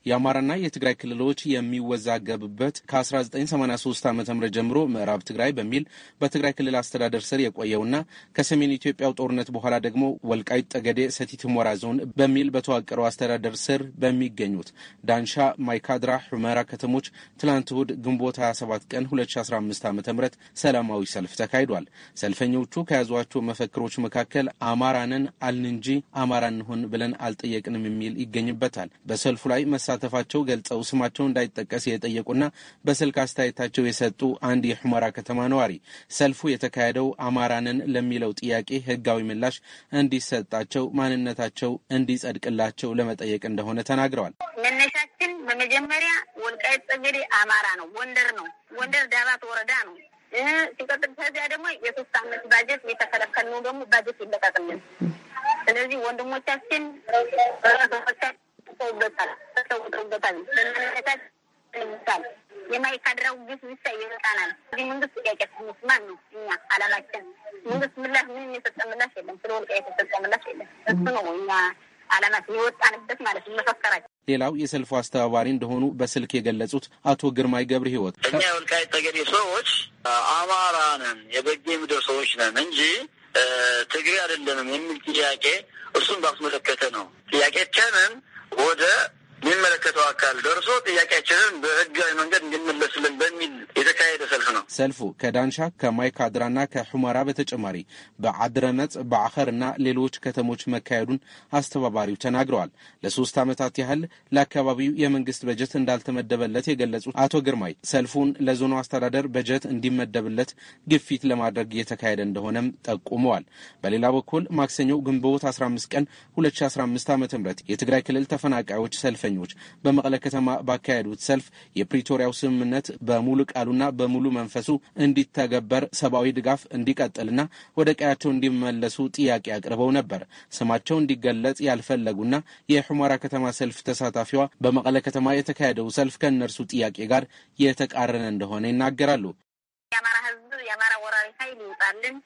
የአማራና የትግራይ ክልሎች የሚወዛገብበት ከ1983 ዓ ም ጀምሮ ምዕራብ ትግራይ በሚል በትግራይ ክልል አስተዳደር ስር የቆየውና ከሰሜን ኢትዮጵያው ጦርነት በኋላ ደግሞ ወልቃይት ጠገዴ፣ ሰቲት ሞራ ዞን በሚል በተዋቀረው አስተዳደር ስር በሚገኙት ዳንሻ፣ ማይካድራ፣ ሁመራ ከተሞች ትላንት እሁድ ግንቦት 27 ቀን 2015 ዓ ም ሰላማዊ ሰልፍ ተካሂዷል። ሰልፈኞቹ ከያዟቸው መፈክሮች መካከል አማራንን አልን እንጂ አማራ እንሁን ብለን አልጠየቅንም የሚል ይገኝበታል። በሰልፉ ላይ መ መሳተፋቸው ገልጸው ስማቸው እንዳይጠቀስ የጠየቁና በስልክ አስተያየታቸው የሰጡ አንድ የሑመራ ከተማ ነዋሪ ሰልፉ የተካሄደው አማራንን ለሚለው ጥያቄ ህጋዊ ምላሽ እንዲሰጣቸው ማንነታቸው እንዲጸድቅላቸው ለመጠየቅ እንደሆነ ተናግረዋል። መነሻችን በመጀመሪያ ወልቃይት ጠገዴ አማራ ነው፣ ወንደር ነው፣ ወንደር ዳባት ወረዳ ነው። ሲቀጥል ከዚያ ደግሞ የሶስት አመት ባጀት የተከለከል ነው። ደግሞ ባጀት ይለቀቅልን። ስለዚህ ወንድሞቻችን ተሰውበታል ተሰውተውበታል ይመጣል የማይካድራው ግፍ ብቻ ይመጣናል። እዚህ መንግስት ማን ነው? እኛ አላማችን መንግስት ምላሽ ምንም የሰጠ ምላሽ የለም። ስለ የተሰጠ ምላሽ የለም። እሱ ነው እኛ አላማችን የወጣንበት ማለት መፈከራችን። ሌላው የሰልፉ አስተባባሪ እንደሆኑ በስልክ የገለጹት አቶ ግርማይ ገብረ ህይወት እኛ የወልቃይት ጠገዴ ሰዎች አማራ ነን፣ የበጌ ምድር ሰዎች ነን እንጂ ትግሬ አይደለንም የሚል ጥያቄ እሱን ባስመለከተ ነው ጥያቄችንን ወደ የሚመለከተው አካል ደርሶ ጥያቄያችንን በህጋዊ መንገድ እንድንመለስልን በሚል የተካሄደ ሰልፉ ከዳንሻ ከማይካድራና ከሑመራ በተጨማሪ በአድረነጽ በአኸር እና ሌሎች ከተሞች መካሄዱን አስተባባሪው ተናግረዋል። ለሶስት ዓመታት ያህል ለአካባቢው የመንግስት በጀት እንዳልተመደበለት የገለጹት አቶ ግርማይ ሰልፉን ለዞኑ አስተዳደር በጀት እንዲመደብለት ግፊት ለማድረግ እየተካሄደ እንደሆነም ጠቁመዋል። በሌላ በኩል ማክሰኞ ግንቦት 15 ቀን 2015 ዓ ም የትግራይ ክልል ተፈናቃዮች ሰልፈኞች በመቀለ ከተማ ባካሄዱት ሰልፍ የፕሪቶሪያው ስምምነት በሙሉ ቃሉና በሙሉ መንፈስ እንዲካሰሱ እንዲተገበር ሰብአዊ ድጋፍ እንዲቀጥልና ወደ ቀያቸው እንዲመለሱ ጥያቄ አቅርበው ነበር። ስማቸው እንዲገለጽ ያልፈለጉና የሑመራ ከተማ ሰልፍ ተሳታፊዋ በመቀለ ከተማ የተካሄደው ሰልፍ ከእነርሱ ጥያቄ ጋር የተቃረነ እንደሆነ ይናገራሉ። የአማራ ህዝብ የአማራ ወራሪ ኃይል ይውጣልን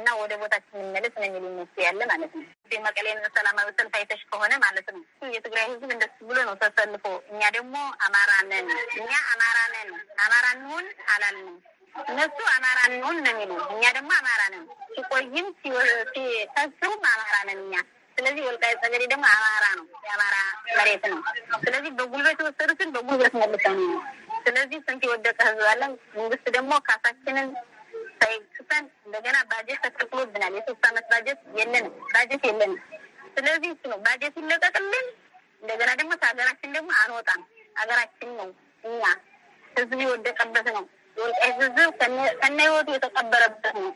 እና ወደ ቦታችን እንመለስ ነው የሚል ሚስ ያለ ማለት ነው። መቀሌ ሰላማዊ ሰልፍ አይተሽ ከሆነ ማለት ነው የትግራይ ህዝብ እንደሱ ብሎ ነው ተሰልፎ። እኛ ደግሞ አማራ ነን፣ እኛ አማራ ነን፣ አማራ እንሁን አላልንም። እነሱ አማራ እንሁን ነው የሚሉ፣ እኛ ደግሞ አማራ ነን። ሲቆይም ሲከስሩም አማራ ነን እኛ ስለዚህ ወልቃይት ጠገዴ ደግሞ አማራ ነው፣ የአማራ መሬት ነው። ስለዚህ በጉልበት የወሰዱትን በጉልበት መልሰ ነው። ስለዚህ ስንት የወደቀ ህዝብ አለ። መንግስት ደግሞ ካሳችንን ሳይስተን እንደገና ባጀት ተተክሎብናል። የሶስት አመት ባጀት የለንም፣ ባጀት የለንም። ስለዚህ እሱ ነው ባጀት ይለቀቅልን። እንደገና ደግሞ ከሀገራችን ደግሞ አንወጣም። ሀገራችን ነው እኛ ህዝብ የወደቀበት ነው። የወልቃይ ህዝብ ከነ ህይወቱ የተቀበረበት ነው።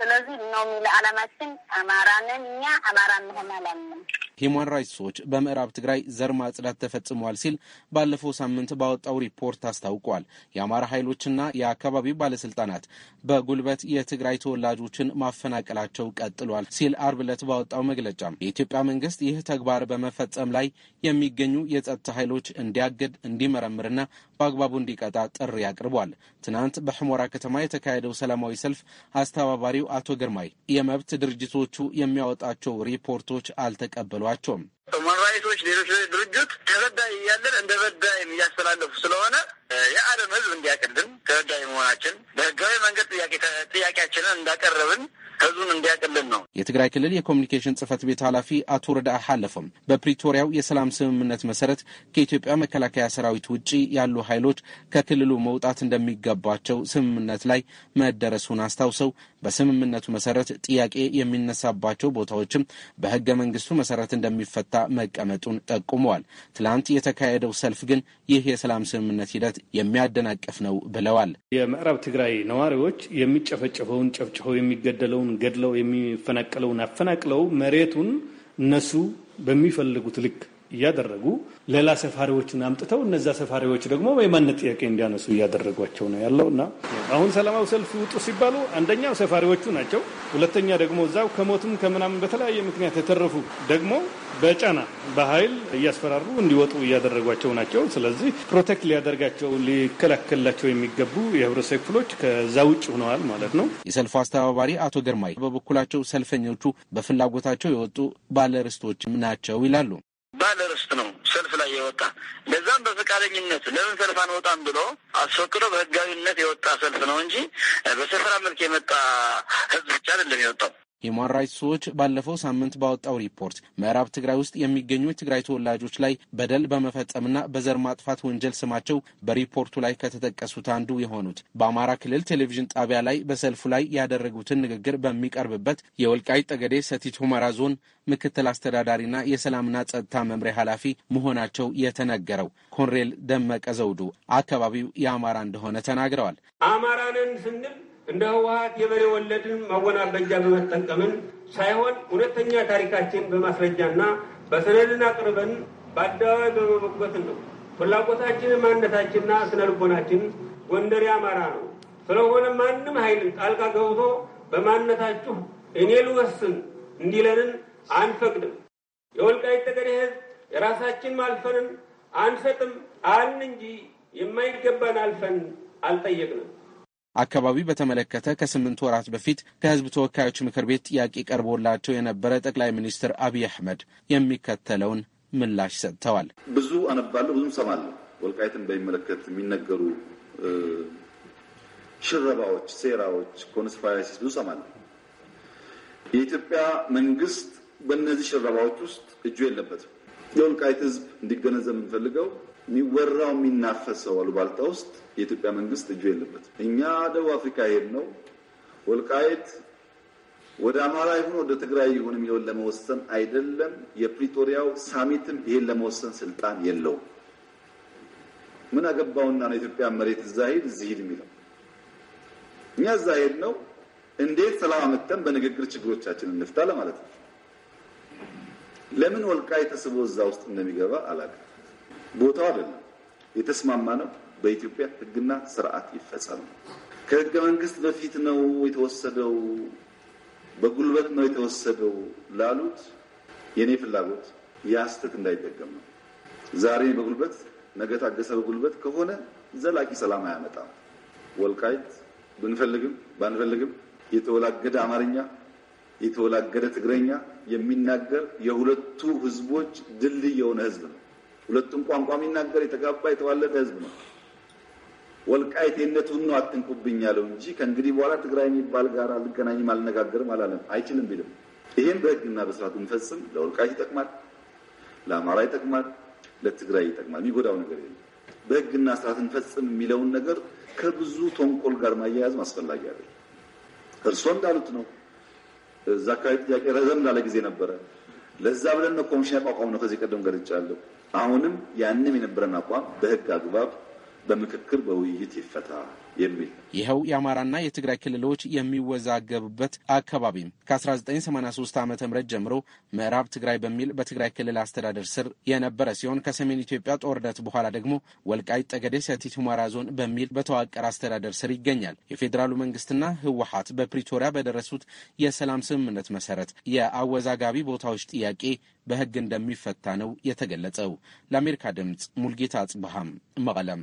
ስለዚህ ነው የሚለ አላማችን አማራንን እኛ አማራ መሆን አላለም ሂማን ራይትስ ዎች በምዕራብ ትግራይ ዘር ማጽዳት ተፈጽመዋል ሲል ባለፈው ሳምንት ባወጣው ሪፖርት አስታውቋል። የአማራ ኃይሎችና የአካባቢው ባለስልጣናት በጉልበት የትግራይ ተወላጆችን ማፈናቀላቸው ቀጥሏል ሲል አርብ ዕለት ባወጣው መግለጫ የኢትዮጵያ መንግስት ይህ ተግባር በመፈጸም ላይ የሚገኙ የጸጥታ ኃይሎች እንዲያግድ፣ እንዲመረምርና በአግባቡ እንዲቀጣ ጥሪ አቅርቧል። ትናንት በሕሞራ ከተማ የተካሄደው ሰላማዊ ሰልፍ አስተባባሪው አቶ ግርማይ የመብት ድርጅቶቹ የሚያወጣቸው ሪፖርቶች አልተቀበሏል አሏቸው። ሁማን ራይቶች ሌሎች ድርጅት ተበዳይ እያለን እንደ በዳይም እያስተላለፉ ስለሆነ የዓለም ሕዝብ እንዲያቅልን ተበዳይ መሆናችን በህጋዊ መንገድ ጥያቄያችንን እንዳቀረብን ህዝቡን እንዲያቅልን ነው። የትግራይ ክልል የኮሚኒኬሽን ጽህፈት ቤት ኃላፊ አቶ ረዳ አለፈም በፕሪቶሪያው የሰላም ስምምነት መሰረት ከኢትዮጵያ መከላከያ ሰራዊት ውጪ ያሉ ኃይሎች ከክልሉ መውጣት እንደሚገባቸው ስምምነት ላይ መደረሱን አስታውሰው በስምምነቱ መሰረት ጥያቄ የሚነሳባቸው ቦታዎችም በህገ መንግስቱ መሰረት እንደሚፈታ መቀመጡን ጠቁመዋል። ትላንት የተካሄደው ሰልፍ ግን ይህ የሰላም ስምምነት ሂደት የሚያደናቅፍ ነው ብለዋል። የምዕራብ ትግራይ ነዋሪዎች የሚጨፈጨፈውን ጨፍጭፈው የሚገደለውን የሚገድለውን ገድለው የሚፈናቀለውን አፈናቅለው መሬቱን እነሱ በሚፈልጉት ልክ እያደረጉ ሌላ ሰፋሪዎችን አምጥተው እነዛ ሰፋሪዎች ደግሞ የማንነት ጥያቄ እንዲያነሱ እያደረጓቸው ነው ያለው እና አሁን ሰላማዊ ሰልፍ ውጡ ሲባሉ አንደኛው ሰፋሪዎቹ ናቸው። ሁለተኛ ደግሞ እዛው ከሞትም ከምናምን በተለያየ ምክንያት የተረፉ ደግሞ በጫና በኃይል እያስፈራሩ እንዲወጡ እያደረጓቸው ናቸው። ስለዚህ ፕሮቴክት ሊያደርጋቸው ሊከላከልላቸው የሚገቡ የህብረተሰብ ክፍሎች ከዛ ውጭ ሆነዋል ማለት ነው። የሰልፉ አስተባባሪ አቶ ገርማይ በበኩላቸው ሰልፈኞቹ በፍላጎታቸው የወጡ ባለርስቶችም ናቸው ይላሉ። ባለ ርስት ነው ሰልፍ ላይ የወጣ ለዛም በፈቃደኝነት ለምን ሰልፍ አንወጣም ብሎ አስፈቅዶ በህጋዊነት የወጣ ሰልፍ ነው እንጂ በሰፈራ መልክ የመጣ ህዝብ ብቻ አይደለም የወጣው። ሂውማን ራይትስ ዎች ባለፈው ሳምንት ባወጣው ሪፖርት ምዕራብ ትግራይ ውስጥ የሚገኙ የትግራይ ተወላጆች ላይ በደል በመፈጸምና በዘር ማጥፋት ወንጀል ስማቸው በሪፖርቱ ላይ ከተጠቀሱት አንዱ የሆኑት በአማራ ክልል ቴሌቪዥን ጣቢያ ላይ በሰልፉ ላይ ያደረጉትን ንግግር በሚቀርብበት የወልቃይ ጠገዴ ሰቲት ሁመራ ዞን ምክትል አስተዳዳሪና የሰላምና ጸጥታ መምሪያ ኃላፊ መሆናቸው የተነገረው ኮንሬል ደመቀ ዘውዱ አካባቢው የአማራ እንደሆነ ተናግረዋል። አማራንን ስንል እንደ ህወሀት የበሬ ወለድን ማወናበጃ በመጠቀምን ሳይሆን እውነተኛ ታሪካችን በማስረጃና በሰነድን አቅርበን በአደባባይ በመመክበትን ነው። ፍላጎታችን፣ ማንነታችንና ስነ ልቦናችን ጎንደር አማራ ነው። ስለሆነ ማንም ኃይልን ጣልቃ ገብቶ በማንነታችሁ እኔ ልወስን እንዲለንን አንፈቅድም። የወልቃይት ጠገዴ ህዝብ የራሳችን ማልፈንን አንሰጥም አልን እንጂ የማይገባን አልፈን አልጠየቅንም። አካባቢ በተመለከተ ከስምንት ወራት በፊት ከህዝብ ተወካዮች ምክር ቤት ጥያቄ ቀርቦላቸው የነበረ ጠቅላይ ሚኒስትር አብይ አህመድ የሚከተለውን ምላሽ ሰጥተዋል። ብዙ አነባለሁ፣ ብዙም ሰማለሁ። ወልቃይትን በሚመለከት የሚነገሩ ሽረባዎች፣ ሴራዎች፣ ኮንስፓይረሲስ ብዙ ሰማለሁ። የኢትዮጵያ መንግስት በእነዚህ ሽረባዎች ውስጥ እጁ የለበትም። የወልቃይት ህዝብ እንዲገነዘብ የምንፈልገው የሚወራው የሚናፈሰው አሉባልታ ውስጥ የኢትዮጵያ መንግስት እጁ የለበትም። እኛ ደቡብ አፍሪካ ሄድ ነው ወልቃይት ወደ አማራ ይሁን ወደ ትግራይ ይሁን የሚለውን ለመወሰን አይደለም። የፕሪቶሪያው ሳሚትም ይሄን ለመወሰን ስልጣን የለውም። ምን አገባውና ነው ኢትዮጵያ መሬት እዛ ሂድ እዚህ የሚለው? እኛ እዛ ሄድ ነው እንዴት ሰላም አመጣን፣ በንግግር ችግሮቻችን እንፍታ ለማለት ነው። ለምን ወልቃይ ተስቦ እዛ ውስጥ እንደሚገባ አላውቅም። ቦታው አይደለም። የተስማማ ነው በኢትዮጵያ ህግና ስርዓት ይፈጸም። ከህገ መንግስት በፊት ነው የተወሰደው፣ በጉልበት ነው የተወሰደው ላሉት የኔ ፍላጎት ያስተት እንዳይደገም ነው። ዛሬ በጉልበት ነገ ታገሰ በጉልበት ከሆነ ዘላቂ ሰላም አያመጣም። ወልቃይት ብንፈልግም ባንፈልግም የተወላገደ አማርኛ የተወላገደ ትግረኛ የሚናገር የሁለቱ ህዝቦች ድልድይ የሆነ ህዝብ ነው። ሁለቱም ቋንቋ የሚናገር የተጋባ የተዋለደ ህዝብ ነው። ወልቃይት የነቱን ነው አትንኩብኝ እንጂ ከእንግዲህ በኋላ ትግራይ የሚባል ጋር አልገናኝም አልነጋገርም አላለም። አይችልም ቢልም ይህም በህግና በስርዓት እንፈጽም። ለወልቃይት ይጠቅማል፣ ለአማራ ይጠቅማል፣ ለትግራይ ይጠቅማል። የሚጎዳው ነገር የለም። በህግና ስርዓት እንፈጽም የሚለውን ነገር ከብዙ ተንኮል ጋር ማያያዝ አስፈላጊ አይደለም። እርስዎ እንዳሉት ነው። እዛ አካባቢ ጥያቄ ረዘም ላለ ጊዜ ነበረ። ለዛ ብለን ነው ኮሚሽን ያቋቋም ነው። ከዚህ ቀደም ገልጫለሁ። አሁንም ያንም የነበረን አቋም በህግ አግባብ በምክክር በውይይት ይፈታ የሚል ይኸው የአማራና የትግራይ ክልሎች የሚወዛገቡበት አካባቢም ከ1983 ዓ ም ጀምሮ ምዕራብ ትግራይ በሚል በትግራይ ክልል አስተዳደር ስር የነበረ ሲሆን ከሰሜን ኢትዮጵያ ጦርነት በኋላ ደግሞ ወልቃይ ጠገዴ ሰቲት ሁመራ ዞን በሚል በተዋቀረ አስተዳደር ስር ይገኛል። የፌዴራሉ መንግስትና ህወሀት በፕሪቶሪያ በደረሱት የሰላም ስምምነት መሰረት የአወዛጋቢ ቦታዎች ጥያቄ በህግ እንደሚፈታ ነው የተገለጸው። ለአሜሪካ ድምፅ ሙልጌታ አጽብሃም መቀለም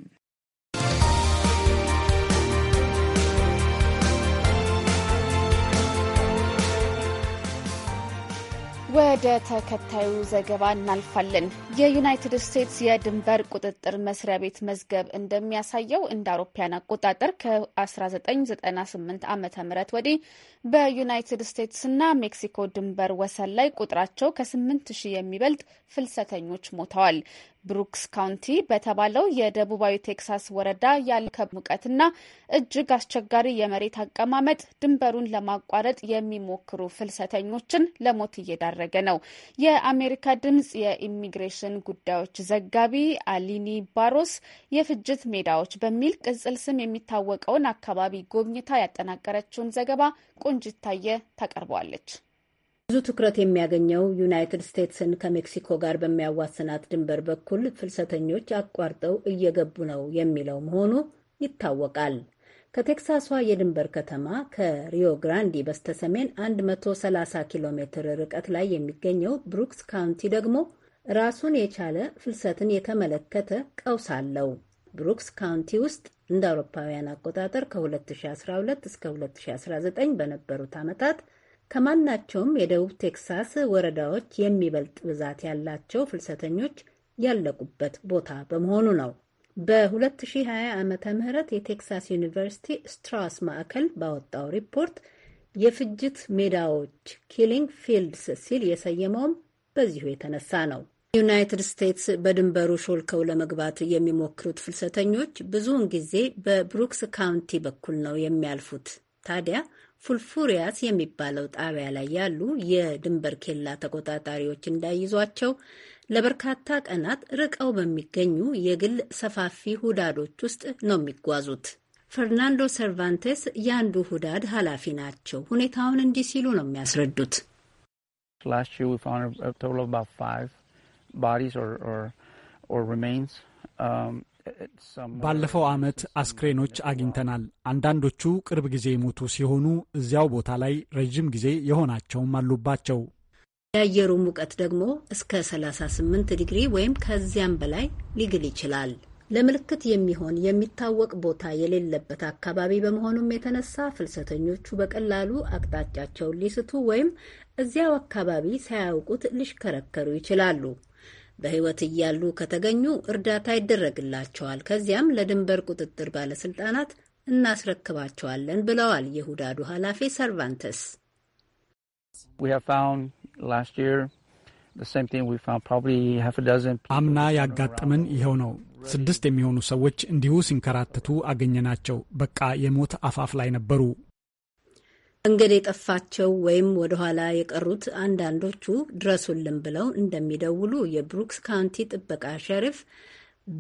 ወደ ተከታዩ ዘገባ እናልፋለን። የዩናይትድ ስቴትስ የድንበር ቁጥጥር መስሪያ ቤት መዝገብ እንደሚያሳየው እንደ አውሮፓያን አቆጣጠር ከ1998 ዓ ም ወዲህ በዩናይትድ ስቴትስና ሜክሲኮ ድንበር ወሰን ላይ ቁጥራቸው ከ8 ሺህ የሚበልጥ ፍልሰተኞች ሞተዋል። ብሩክስ ካውንቲ በተባለው የደቡባዊ ቴክሳስ ወረዳ ያለ ሙቀትና እጅግ አስቸጋሪ የመሬት አቀማመጥ ድንበሩን ለማቋረጥ የሚሞክሩ ፍልሰተኞችን ለሞት እየዳረገ ነው። የአሜሪካ ድምጽ የኢሚግሬሽን ጉዳዮች ዘጋቢ አሊኒ ባሮስ የፍጅት ሜዳዎች በሚል ቅጽል ስም የሚታወቀውን አካባቢ ጎብኝታ ያጠናቀረችውን ዘገባ ቆንጅታየ ታቀርበዋለች። ብዙ ትኩረት የሚያገኘው ዩናይትድ ስቴትስን ከሜክሲኮ ጋር በሚያዋስናት ድንበር በኩል ፍልሰተኞች አቋርጠው እየገቡ ነው የሚለው መሆኑ ይታወቃል። ከቴክሳሷ የድንበር ከተማ ከሪዮ ግራንዲ በስተሰሜን 130 ኪሎ ሜትር ርቀት ላይ የሚገኘው ብሩክስ ካውንቲ ደግሞ ራሱን የቻለ ፍልሰትን የተመለከተ ቀውስ አለው። ብሩክስ ካውንቲ ውስጥ እንደ አውሮፓውያን አቆጣጠር ከ2012 እስከ 2019 በነበሩት ዓመታት ከማናቸውም የደቡብ ቴክሳስ ወረዳዎች የሚበልጥ ብዛት ያላቸው ፍልሰተኞች ያለቁበት ቦታ በመሆኑ ነው። በ2020 ዓ ም የቴክሳስ ዩኒቨርሲቲ ስትራስ ማዕከል ባወጣው ሪፖርት የፍጅት ሜዳዎች ኪሊንግ ፊልድስ ሲል የሰየመውም በዚሁ የተነሳ ነው። ዩናይትድ ስቴትስ በድንበሩ ሾልከው ለመግባት የሚሞክሩት ፍልሰተኞች ብዙውን ጊዜ በብሩክስ ካውንቲ በኩል ነው የሚያልፉት። ታዲያ ፉልፉሪያስ የሚባለው ጣቢያ ላይ ያሉ የድንበር ኬላ ተቆጣጣሪዎች እንዳይዟቸው ለበርካታ ቀናት ርቀው በሚገኙ የግል ሰፋፊ ሁዳዶች ውስጥ ነው የሚጓዙት። ፈርናንዶ ሰርቫንቴስ የአንዱ ሁዳድ ኃላፊ ናቸው። ሁኔታውን እንዲህ ሲሉ ነው የሚያስረዱት። ባለፈው ዓመት አስክሬኖች አግኝተናል። አንዳንዶቹ ቅርብ ጊዜ የሞቱ ሲሆኑ እዚያው ቦታ ላይ ረዥም ጊዜ የሆናቸውም አሉባቸው። የአየሩ ሙቀት ደግሞ እስከ 38 ዲግሪ ወይም ከዚያም በላይ ሊግል ይችላል። ለምልክት የሚሆን የሚታወቅ ቦታ የሌለበት አካባቢ በመሆኑም የተነሳ ፍልሰተኞቹ በቀላሉ አቅጣጫቸውን ሊስቱ ወይም እዚያው አካባቢ ሳያውቁት ሊሽከረከሩ ይችላሉ። በሕይወት እያሉ ከተገኙ እርዳታ ይደረግላቸዋል። ከዚያም ለድንበር ቁጥጥር ባለስልጣናት እናስረክባቸዋለን ብለዋል የሁዳዱ ኃላፊ ሰርቫንተስ። አምና ያጋጠመን ይኸው ነው። ስድስት የሚሆኑ ሰዎች እንዲሁ ሲንከራተቱ አገኘናቸው። በቃ የሞት አፋፍ ላይ ነበሩ። መንገድ የጠፋቸው ወይም ወደኋላ የቀሩት አንዳንዶቹ ድረሱልን ብለው እንደሚደውሉ የብሩክስ ካውንቲ ጥበቃ ሸሪፍ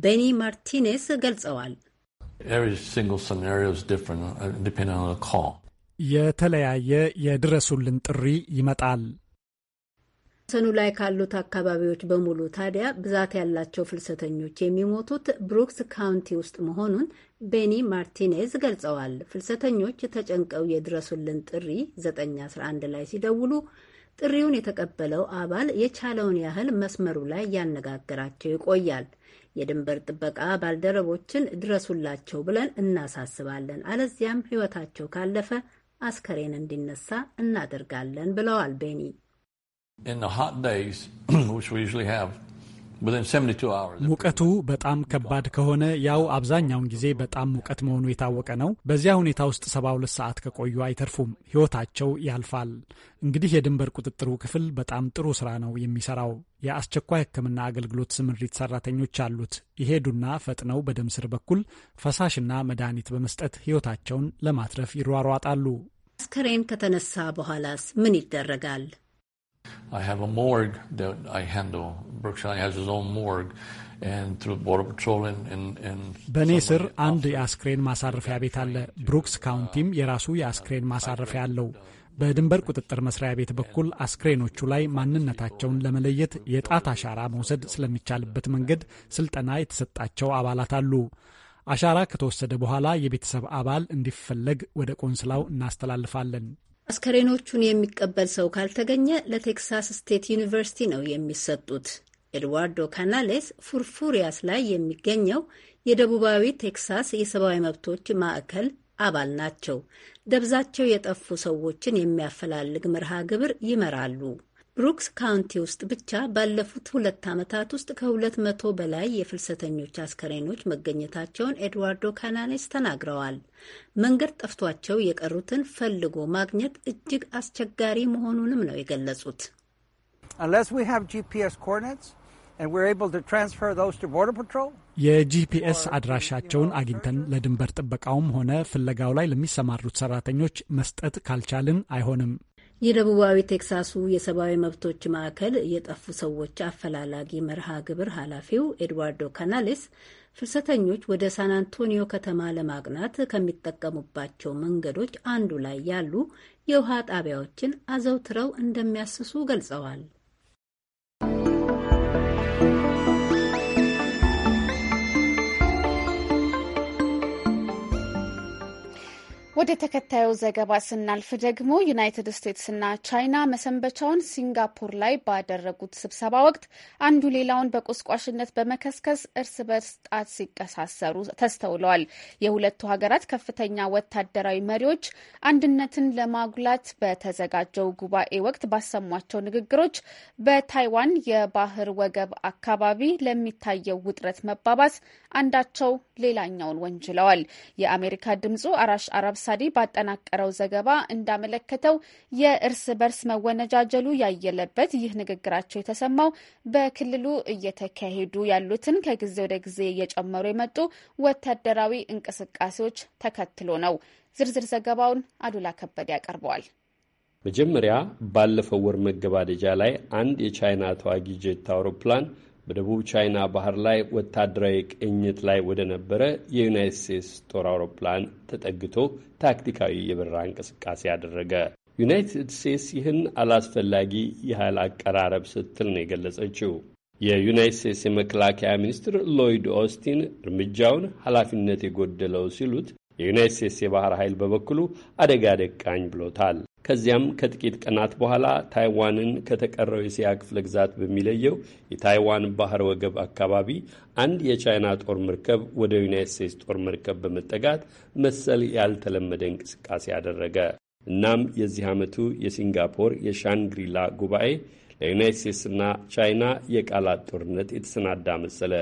ቤኒ ማርቲኔስ ገልጸዋል። uh, የተለያየ የድረሱልን ጥሪ ይመጣል። ሰኑ ላይ ካሉት አካባቢዎች በሙሉ ታዲያ ብዛት ያላቸው ፍልሰተኞች የሚሞቱት ብሩክስ ካውንቲ ውስጥ መሆኑን ቤኒ ማርቲኔዝ ገልጸዋል። ፍልሰተኞች ተጨንቀው የድረሱልን ጥሪ 911 ላይ ሲደውሉ ጥሪውን የተቀበለው አባል የቻለውን ያህል መስመሩ ላይ ያነጋገራቸው ይቆያል። የድንበር ጥበቃ ባልደረቦችን ድረሱላቸው ብለን እናሳስባለን፣ አለዚያም ሕይወታቸው ካለፈ አስከሬን እንዲነሳ እናደርጋለን ብለዋል ቤኒ ሙቀቱ በጣም ከባድ ከሆነ ያው አብዛኛውን ጊዜ በጣም ሙቀት መሆኑ የታወቀ ነው። በዚያ ሁኔታ ውስጥ 72 ሰዓት ከቆዩ አይተርፉም፣ ሕይወታቸው ያልፋል። እንግዲህ የድንበር ቁጥጥሩ ክፍል በጣም ጥሩ ስራ ነው የሚሰራው። የአስቸኳይ ሕክምና አገልግሎት ስምሪት ሰራተኞች አሉት። ይሄዱና ፈጥነው በደም ስር በኩል ፈሳሽና መድኃኒት በመስጠት ሕይወታቸውን ለማትረፍ ይሯሯጣሉ። አስከሬን ከተነሳ በኋላስ ምን ይደረጋል? I have a morgue that I handle. Berkshire has his own morgue. በእኔ ስር አንድ የአስክሬን ማሳረፊያ ቤት አለ። ብሩክስ ካውንቲም የራሱ የአስክሬን ማሳረፊያ አለው። በድንበር ቁጥጥር መስሪያ ቤት በኩል አስክሬኖቹ ላይ ማንነታቸውን ለመለየት የጣት አሻራ መውሰድ ስለሚቻልበት መንገድ ስልጠና የተሰጣቸው አባላት አሉ። አሻራ ከተወሰደ በኋላ የቤተሰብ አባል እንዲፈለግ ወደ ቆንስላው እናስተላልፋለን። አስከሬኖቹን የሚቀበል ሰው ካልተገኘ ለቴክሳስ ስቴት ዩኒቨርሲቲ ነው የሚሰጡት። ኤድዋርዶ ካናሌስ ፉርፉሪያስ ላይ የሚገኘው የደቡባዊ ቴክሳስ የሰብአዊ መብቶች ማዕከል አባል ናቸው። ደብዛቸው የጠፉ ሰዎችን የሚያፈላልግ መርሃ ግብር ይመራሉ። ብሩክስ ካውንቲ ውስጥ ብቻ ባለፉት ሁለት ዓመታት ውስጥ ከሁለት መቶ በላይ የፍልሰተኞች አስከሬኖች መገኘታቸውን ኤድዋርዶ ካናኔስ ተናግረዋል። መንገድ ጠፍቷቸው የቀሩትን ፈልጎ ማግኘት እጅግ አስቸጋሪ መሆኑንም ነው የገለጹት። የጂፒኤስ አድራሻቸውን አግኝተን ለድንበር ጥበቃውም ሆነ ፍለጋው ላይ ለሚሰማሩት ሰራተኞች መስጠት ካልቻልን አይሆንም። የደቡባዊ ቴክሳሱ የሰብአዊ መብቶች ማዕከል የጠፉ ሰዎች አፈላላጊ መርሃ ግብር ኃላፊው ኤድዋርዶ ካናሌስ ፍልሰተኞች ወደ ሳን አንቶኒዮ ከተማ ለማቅናት ከሚጠቀሙባቸው መንገዶች አንዱ ላይ ያሉ የውሃ ጣቢያዎችን አዘውትረው እንደሚያስሱ ገልጸዋል። ወደ ተከታዩ ዘገባ ስናልፍ ደግሞ ዩናይትድ ስቴትስና ቻይና መሰንበቻውን ሲንጋፖር ላይ ባደረጉት ስብሰባ ወቅት አንዱ ሌላውን በቁስቋሽነት በመከስከስ እርስ በርስ ጣት ሲቀሳሰሩ ተስተውለዋል። የሁለቱ ሀገራት ከፍተኛ ወታደራዊ መሪዎች አንድነትን ለማጉላት በተዘጋጀው ጉባኤ ወቅት ባሰሟቸው ንግግሮች በታይዋን የባህር ወገብ አካባቢ ለሚታየው ውጥረት መባባስ አንዳቸው ሌላኛውን ወንጅለዋል። የአሜሪካ ድምፁ አራሽ አረብ ሳዲ ባጠናቀረው ዘገባ እንዳመለከተው የእርስ በርስ መወነጃጀሉ ያየለበት ይህ ንግግራቸው የተሰማው በክልሉ እየተካሄዱ ያሉትን ከጊዜ ወደ ጊዜ እየጨመሩ የመጡ ወታደራዊ እንቅስቃሴዎች ተከትሎ ነው። ዝርዝር ዘገባውን አሉላ ከበደ ያቀርበዋል። መጀመሪያ ባለፈው ወር መገባደጃ ላይ አንድ የቻይና ተዋጊ ጄት አውሮፕላን በደቡብ ቻይና ባህር ላይ ወታደራዊ ቅኝት ላይ ወደ ነበረ የዩናይት ስቴትስ ጦር አውሮፕላን ተጠግቶ ታክቲካዊ የበረራ እንቅስቃሴ አደረገ። ዩናይትድ ስቴትስ ይህን አላስፈላጊ የኃይል አቀራረብ ስትል ነው የገለጸችው። የዩናይት ስቴትስ የመከላከያ ሚኒስትር ሎይድ ኦስቲን እርምጃውን ኃላፊነት የጎደለው ሲሉት፣ የዩናይት ስቴትስ የባህር ኃይል በበኩሉ አደጋ ደቃኝ ብሎታል። ከዚያም ከጥቂት ቀናት በኋላ ታይዋንን ከተቀረው የእስያ ክፍለ ግዛት በሚለየው የታይዋን ባህር ወገብ አካባቢ አንድ የቻይና ጦር መርከብ ወደ ዩናይት ስቴትስ ጦር መርከብ በመጠጋት መሰል ያልተለመደ እንቅስቃሴ አደረገ። እናም የዚህ ዓመቱ የሲንጋፖር የሻንግሪላ ጉባኤ ለዩናይት ስቴትስና ቻይና የቃላት ጦርነት የተሰናዳ መሰለ።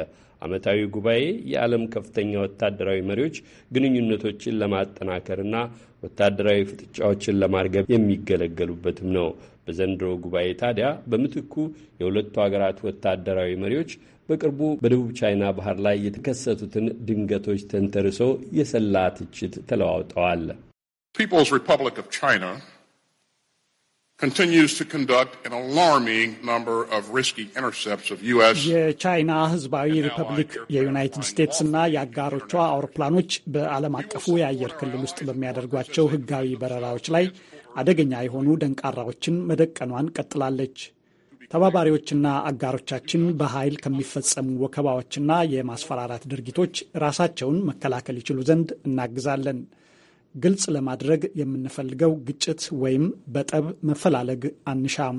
ዓመታዊ ጉባኤ የዓለም ከፍተኛ ወታደራዊ መሪዎች ግንኙነቶችን ለማጠናከርና ወታደራዊ ፍጥጫዎችን ለማርገብ የሚገለገሉበትም ነው። በዘንድሮ ጉባኤ ታዲያ በምትኩ የሁለቱ ሀገራት ወታደራዊ መሪዎች በቅርቡ በደቡብ ቻይና ባህር ላይ የተከሰቱትን ድንገቶች ተንተርሶ የሰላ ትችት ተለዋውጠዋል። ፒፕልስ የቻይና ህዝባዊ ሪፐብሊክ የዩናይትድ እና የአጋሮቿ አውሮፕላኖች በዓለም አቀፉ የአየር ክልል ውስጥ በሚያደርጓቸው ህጋዊ በረራዎች ላይ አደገኛ የሆኑ ደንቃራዎችን መደቀኗን ቀጥላለች። ተባባሪዎችና አጋሮቻችን በኃይል ከሚፈጸሙ ወከባዎችና የማስፈራራት ድርጊቶች ራሳቸውን መከላከል ይችሉ ዘንድ እናግዛለን። ግልጽ ለማድረግ የምንፈልገው ግጭት ወይም በጠብ መፈላለግ አንሻም።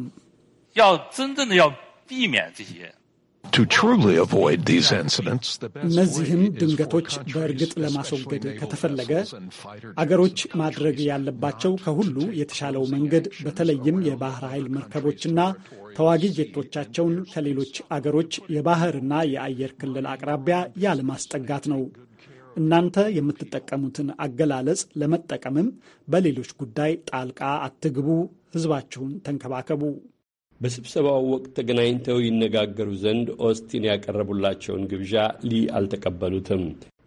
እነዚህም ድንገቶች በእርግጥ ለማስወገድ ከተፈለገ አገሮች ማድረግ ያለባቸው ከሁሉ የተሻለው መንገድ በተለይም የባህር ኃይል መርከቦችና ተዋጊ ጄቶቻቸውን ከሌሎች አገሮች የባህርና የአየር ክልል አቅራቢያ ያለማስጠጋት ነው። እናንተ የምትጠቀሙትን አገላለጽ ለመጠቀምም በሌሎች ጉዳይ ጣልቃ አትግቡ፣ ህዝባችሁን ተንከባከቡ። በስብሰባው ወቅት ተገናኝተው ይነጋገሩ ዘንድ ኦስቲን ያቀረቡላቸውን ግብዣ ሊ አልተቀበሉትም።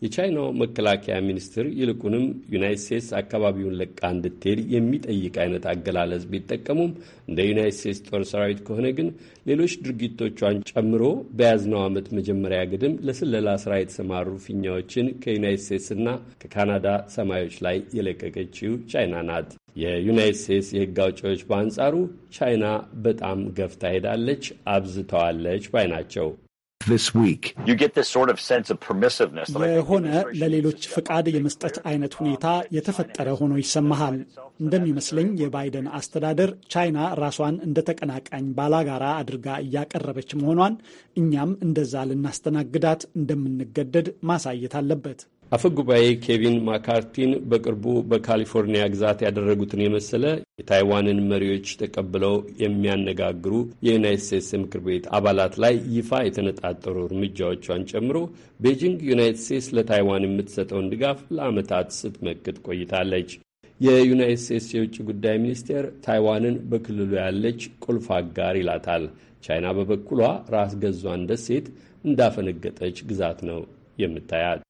የቻይናው መከላከያ ሚኒስትር ይልቁንም ዩናይት ስቴትስ አካባቢውን ለቃ እንድትሄድ የሚጠይቅ አይነት አገላለጽ ቢጠቀሙም እንደ ዩናይት ስቴትስ ጦር ሰራዊት ከሆነ ግን ሌሎች ድርጊቶቿን ጨምሮ በያዝነው ዓመት መጀመሪያ ግድም ለስለላ ስራ የተሰማሩ ፊኛዎችን ከዩናይት ስቴትስና ከካናዳ ሰማዮች ላይ የለቀቀችው ቻይና ናት። የዩናይት ስቴትስ የሕግ አውጪዎች በአንጻሩ ቻይና በጣም ገፍታ ሄዳለች፣ አብዝተዋለች ባይ ናቸው። የሆነ ለሌሎች ፍቃድ የመስጠት አይነት ሁኔታ የተፈጠረ ሆኖ ይሰማሃል። እንደሚመስለኝ የባይደን አስተዳደር ቻይና ራሷን እንደ ተቀናቃኝ ባላጋራ አድርጋ እያቀረበች መሆኗን እኛም እንደዛ ልናስተናግዳት እንደምንገደድ ማሳየት አለበት። አፈ ጉባኤ ኬቪን ማካርቲን በቅርቡ በካሊፎርኒያ ግዛት ያደረጉትን የመሰለ የታይዋንን መሪዎች ተቀብለው የሚያነጋግሩ የዩናይት ስቴትስ ምክር ቤት አባላት ላይ ይፋ የተነጣጠሩ እርምጃዎቿን ጨምሮ ቤጂንግ ዩናይት ስቴትስ ለታይዋን የምትሰጠውን ድጋፍ ለዓመታት ስትመክት ቆይታለች። የዩናይት ስቴትስ የውጭ ጉዳይ ሚኒስቴር ታይዋንን በክልሉ ያለች ቁልፍ አጋር ይላታል። ቻይና በበኩሏ ራስ ገዟን ደሴት እንዳፈነገጠች ግዛት ነው የምታያት።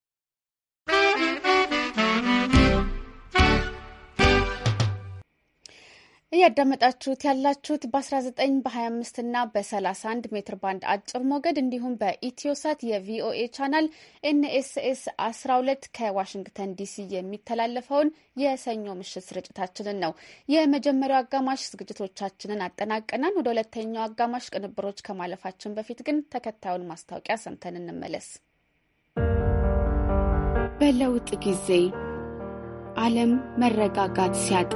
እያዳመጣችሁት ያላችሁት በ19 በ25 እና በ31 ሜትር ባንድ አጭር ሞገድ እንዲሁም በኢትዮሳት የቪኦኤ ቻናል ኤንኤስኤስ 12 ከዋሽንግተን ዲሲ የሚተላለፈውን የሰኞ ምሽት ስርጭታችንን ነው። የመጀመሪያው አጋማሽ ዝግጅቶቻችንን አጠናቀናን ወደ ሁለተኛው አጋማሽ ቅንብሮች ከማለፋችን በፊት ግን ተከታዩን ማስታወቂያ ሰምተን እንመለስ። በለውጥ ጊዜ ዓለም መረጋጋት ሲያጣ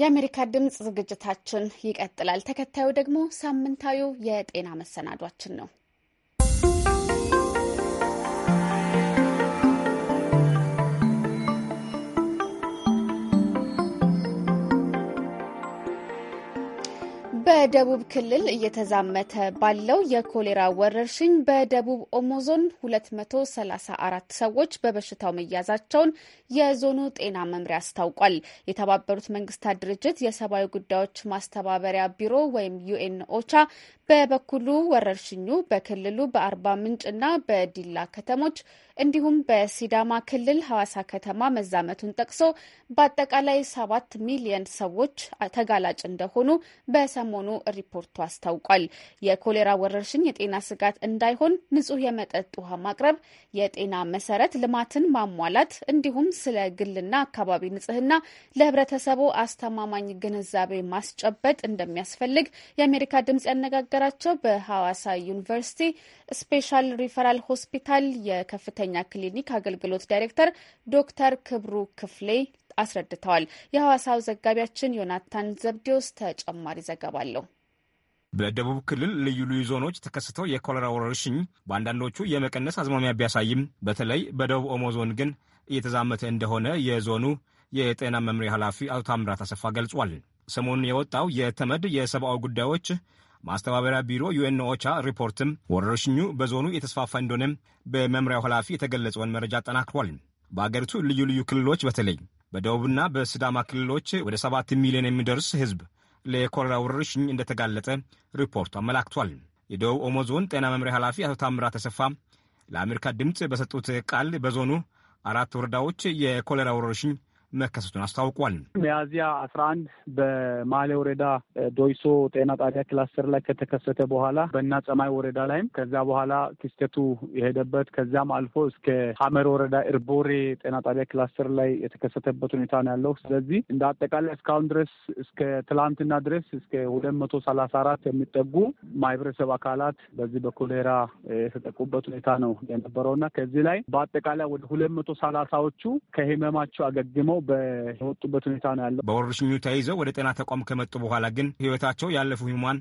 የአሜሪካ ድምፅ ዝግጅታችን ይቀጥላል። ተከታዩ ደግሞ ሳምንታዊው የጤና መሰናዷችን ነው። በደቡብ ክልል እየተዛመተ ባለው የኮሌራ ወረርሽኝ በደቡብ ኦሞ ዞን 234 ሰዎች በበሽታው መያዛቸውን የዞኑ ጤና መምሪያ አስታውቋል። የተባበሩት መንግስታት ድርጅት የሰብአዊ ጉዳዮች ማስተባበሪያ ቢሮ ወይም ዩኤን ኦቻ በበኩሉ ወረርሽኙ በክልሉ በአርባ ምንጭና በዲላ ከተሞች እንዲሁም በሲዳማ ክልል ሐዋሳ ከተማ መዛመቱን ጠቅሶ በአጠቃላይ ሰባት ሚሊየን ሰዎች ተጋላጭ እንደሆኑ በሰሞኑ ሪፖርቱ አስታውቋል። የኮሌራ ወረርሽኝ የጤና ስጋት እንዳይሆን ንጹህ የመጠጥ ውሃ ማቅረብ፣ የጤና መሰረት ልማትን ማሟላት እንዲሁም ስለ ግልና አካባቢ ንጽህና ለህብረተሰቡ አስተማማኝ ግንዛቤ ማስጨበጥ እንደሚያስፈልግ የአሜሪካ ድምጽ ያነጋገራቸው በሐዋሳ ዩኒቨርሲቲ ስፔሻል ሪፈራል ሆስፒታል የከፍተኛ ክሊኒክ አገልግሎት ዳይሬክተር ዶክተር ክብሩ ክፍሌ አስረድተዋል። የሐዋሳው ዘጋቢያችን ዮናታን ዘብዴዎስ ተጨማሪ ዘገባ አለው። በደቡብ ክልል ልዩ ልዩ ዞኖች ተከስተው የኮለራ ወረርሽኝ በአንዳንዶቹ የመቀነስ አዝማሚያ ቢያሳይም በተለይ በደቡብ ኦሞ ዞን ግን እየተዛመተ እንደሆነ የዞኑ የጤና መምሪያ ኃላፊ አቶ ታምራት አሰፋ ገልጿል። ሰሞኑን የወጣው የተመድ የሰብአዊ ጉዳዮች ማስተባበሪያ ቢሮ ዩኤን ኦቻ ሪፖርትም ወረርሽኙ በዞኑ የተስፋፋ እንደሆነ በመምሪያው ኃላፊ የተገለጸውን መረጃ አጠናክሯል። በአገሪቱ ልዩ ልዩ ክልሎች በተለይ በደቡብና በስዳማ ክልሎች ወደ ሰባት ሚሊዮን የሚደርስ ህዝብ ለኮሌራ ወረርሽኝ እንደተጋለጠ ሪፖርቱ አመላክቷል። የደቡብ ኦሞ ዞን ጤና መምሪያ ኃላፊ አቶ ታምራ ተሰፋ ለአሜሪካ ድምፅ በሰጡት ቃል በዞኑ አራት ወረዳዎች የኮሌራ ወረርሽኝ መከሰቱን አስታውቋል። ሚያዝያ አስራ አንድ በማሌ ወረዳ ዶይሶ ጤና ጣቢያ ክላስተር ላይ ከተከሰተ በኋላ በና ጸማይ ወረዳ ላይም ከዛ በኋላ ክስተቱ የሄደበት ከዛም አልፎ እስከ ሀመር ወረዳ እርቦሬ ጤና ጣቢያ ክላስተር ላይ የተከሰተበት ሁኔታ ነው ያለው። ስለዚህ እንደ አጠቃላይ እስካሁን ድረስ እስከ ትላንትና ድረስ እስከ ሁለት መቶ ሰላሳ አራት የሚጠጉ ማህበረሰብ አካላት በዚህ በኮሌራ የተጠቁበት ሁኔታ ነው እና ከዚህ ላይ በአጠቃላይ ወደ ሁለት መቶ ሰላሳዎቹ ከህመማቸው አገግመው በወጡበት ሁኔታ ነው ያለው። በወረርሽኙ ተይዘው ወደ ጤና ተቋም ከመጡ በኋላ ግን ህይወታቸው ያለፉ ህሙማን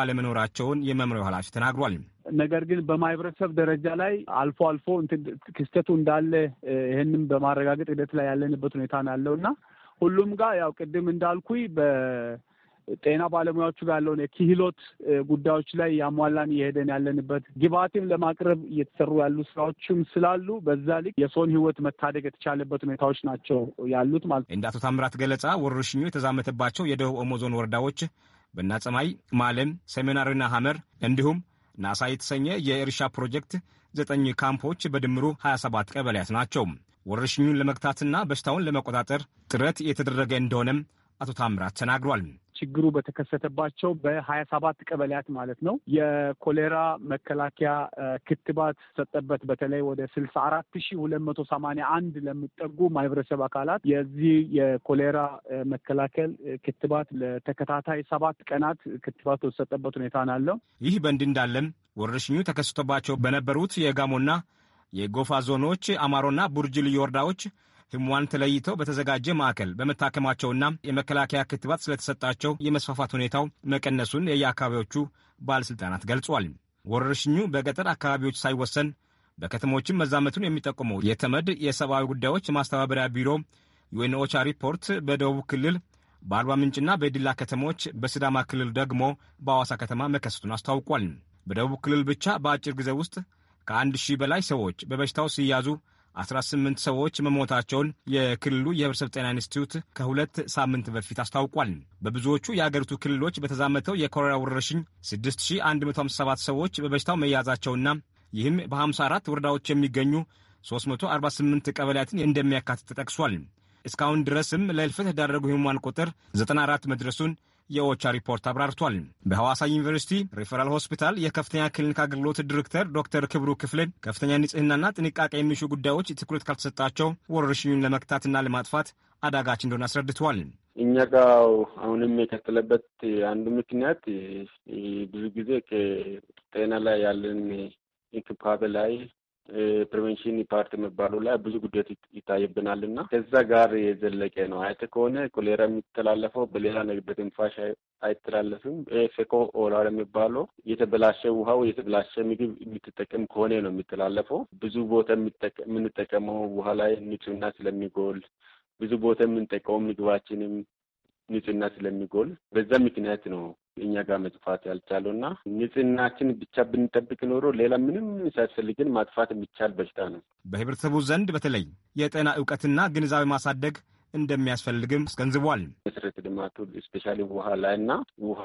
አለመኖራቸውን የመምሪያው ኃላፊ ተናግሯል። ነገር ግን በማህበረሰብ ደረጃ ላይ አልፎ አልፎ ክስተቱ እንዳለ ይህንም በማረጋገጥ ሂደት ላይ ያለንበት ሁኔታ ነው ያለው እና ሁሉም ጋር ያው ቅድም እንዳልኩኝ ጤና ባለሙያዎቹ ጋር ያለውን የክህሎት ጉዳዮች ላይ ያሟላን እየሄደን ያለንበት ግብአትም ለማቅረብ እየተሰሩ ያሉ ስራዎችም ስላሉ በዛ ልክ የሰውን ህይወት መታደግ የተቻለበት ሁኔታዎች ናቸው ያሉት ማለት ነው። እንደ አቶ ታምራት ገለጻ ወረርሽኙ የተዛመተባቸው የደቡብ ኦሞ ዞን ወረዳዎች በናጸማይ፣ ማለም፣ ሰሜናዊና ሐመር እንዲሁም ናሳ የተሰኘ የእርሻ ፕሮጀክት ዘጠኝ ካምፖች በድምሩ 27 ቀበሌያት ናቸው። ወረርሽኙን ለመግታትና በሽታውን ለመቆጣጠር ጥረት የተደረገ እንደሆነም አቶ ታምራት ተናግሯል። ችግሩ በተከሰተባቸው በሀያ ሰባት ቀበሌያት ማለት ነው የኮሌራ መከላከያ ክትባት ሰጠበት። በተለይ ወደ ስልሳ አራት ሺ ሁለት መቶ ሰማኒያ አንድ ለሚጠጉ ማህበረሰብ አካላት የዚህ የኮሌራ መከላከል ክትባት ለተከታታይ ሰባት ቀናት ክትባት የተሰጠበት ሁኔታ ናለው። ይህ በእንዲህ እንዳለም ወረርሽኙ ተከስቶባቸው በነበሩት የጋሞና የጎፋ ዞኖች አማሮና ቡርጅ ልዩ ወረዳዎች ህሙዋን ተለይተው በተዘጋጀ ማዕከል በመታከማቸውና የመከላከያ ክትባት ስለተሰጣቸው የመስፋፋት ሁኔታው መቀነሱን የየአካባቢዎቹ ባለሥልጣናት ገልጿል። ወረርሽኙ በገጠር አካባቢዎች ሳይወሰን በከተሞችም መዛመቱን የሚጠቁመው የተመድ የሰብአዊ ጉዳዮች ማስተባበሪያ ቢሮ የኦቻ ሪፖርት በደቡብ ክልል በአርባ ምንጭና በዲላ ከተሞች፣ በሲዳማ ክልል ደግሞ በአዋሳ ከተማ መከሰቱን አስታውቋል። በደቡብ ክልል ብቻ በአጭር ጊዜ ውስጥ ከአንድ ሺህ በላይ ሰዎች በበሽታው ሲያዙ 18 ሰዎች መሞታቸውን የክልሉ የህብረተሰብ ጤና ኢንስቲትዩት ከሁለት ሳምንት በፊት አስታውቋል። በብዙዎቹ የአገሪቱ ክልሎች በተዛመተው የኮሌራ ወረርሽኝ 6157 ሰዎች በበሽታው መያዛቸውና ይህም በ54 ወረዳዎች የሚገኙ 348 ቀበሌያትን እንደሚያካትት ተጠቅሷል። እስካሁን ድረስም ለእልፈት የተዳረጉ ህሙማን ቁጥር 94 መድረሱን የኦቻ ሪፖርት አብራርቷል። በሐዋሳ ዩኒቨርሲቲ ሪፈራል ሆስፒታል የከፍተኛ ክሊኒክ አገልግሎት ዲሬክተር ዶክተር ክብሩ ክፍል ከፍተኛ ንጽህናና ጥንቃቄ የሚሹ ጉዳዮች ትኩረት ካልተሰጣቸው ወረርሽኙን ለመክታትና ለማጥፋት አዳጋች እንደሆነ አስረድተዋል። እኛ ጋር አሁንም የቀጠለበት አንዱ ምክንያት ብዙ ጊዜ ጤና ላይ ያለን እንክብካቤ ላይ ፕሪቨንሽን ፓርት የሚባሉ ላይ ብዙ ጉዳት ይታይብናል እና ከዛ ጋር የዘለቀ ነው። አይተ ከሆነ ኮሌራ የሚተላለፈው በሌላ ነገር በትንፋሽ አይተላለፍም። ፌኮ ኦራል የሚባለው የተበላሸ ውሃ የተበላሸ ምግብ የምትጠቀም ከሆነ ነው የሚተላለፈው። ብዙ ቦታ የምንጠቀመው ውሃ ላይ ንጹህና ስለሚጎል ብዙ ቦታ የምንጠቀመው ምግባችንም ንጽህና ስለሚጎል በዛ ምክንያት ነው እኛ ጋር መጥፋት ያልቻሉ እና ንጽህናችን ብቻ ብንጠብቅ ኖሮ ሌላ ምንም ሳያስፈልግን ማጥፋት የሚቻል በሽታ ነው። በህብረተሰቡ ዘንድ በተለይ የጤና እውቀትና ግንዛቤ ማሳደግ እንደሚያስፈልግም አስገንዝቧል። መሰረተ ልማቱ ስፔሻሊ ውሃ ላይ እና ውሃ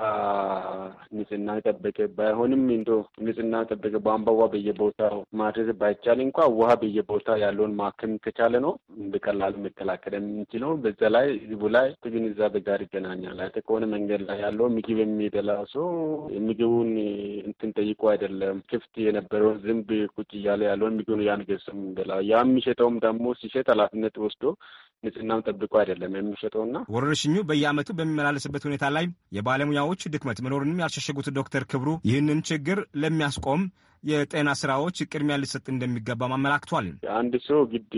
ንጽህና ጠበቀ ባይሆንም እንዶ ንጽህና ጠበቀ በአንባዋ በየቦታው ማድረስ ባይቻል እንኳ ውሃ በየቦታ ያለውን ማከም ከቻለ ነው በቀላሉ መከላከል የምንችለው። በዛ ላይ ህዝቡ ላይ ከግንዛቤ ጋር ይገናኛል። አይተ ከሆነ መንገድ ላይ ያለው ምግብ የሚበላ ሰው ምግቡን እንትን ጠይቆ አይደለም ክፍት የነበረውን ዝንብ ቁጭ እያለ ያለውን ምግብ ያንገሰም ገሱ ያ የሚሸጠውም ደግሞ ሲሸጥ ኃላፊነት ወስዶ ንጽህናውን ጠብቆ አይደለም የሚሸጠውና ወረርሽኙ በየአመቱ በሚመላለስበት ሁኔታ ላይ የባለሙያዎች ድክመት መኖርንም ያልሸሸጉት ዶክተር ክብሩ ይህንን ችግር ለሚያስቆም የጤና ስራዎች ቅድሚያ ሊሰጥ እንደሚገባም አመላክቷል። አንድ ሰው ግድ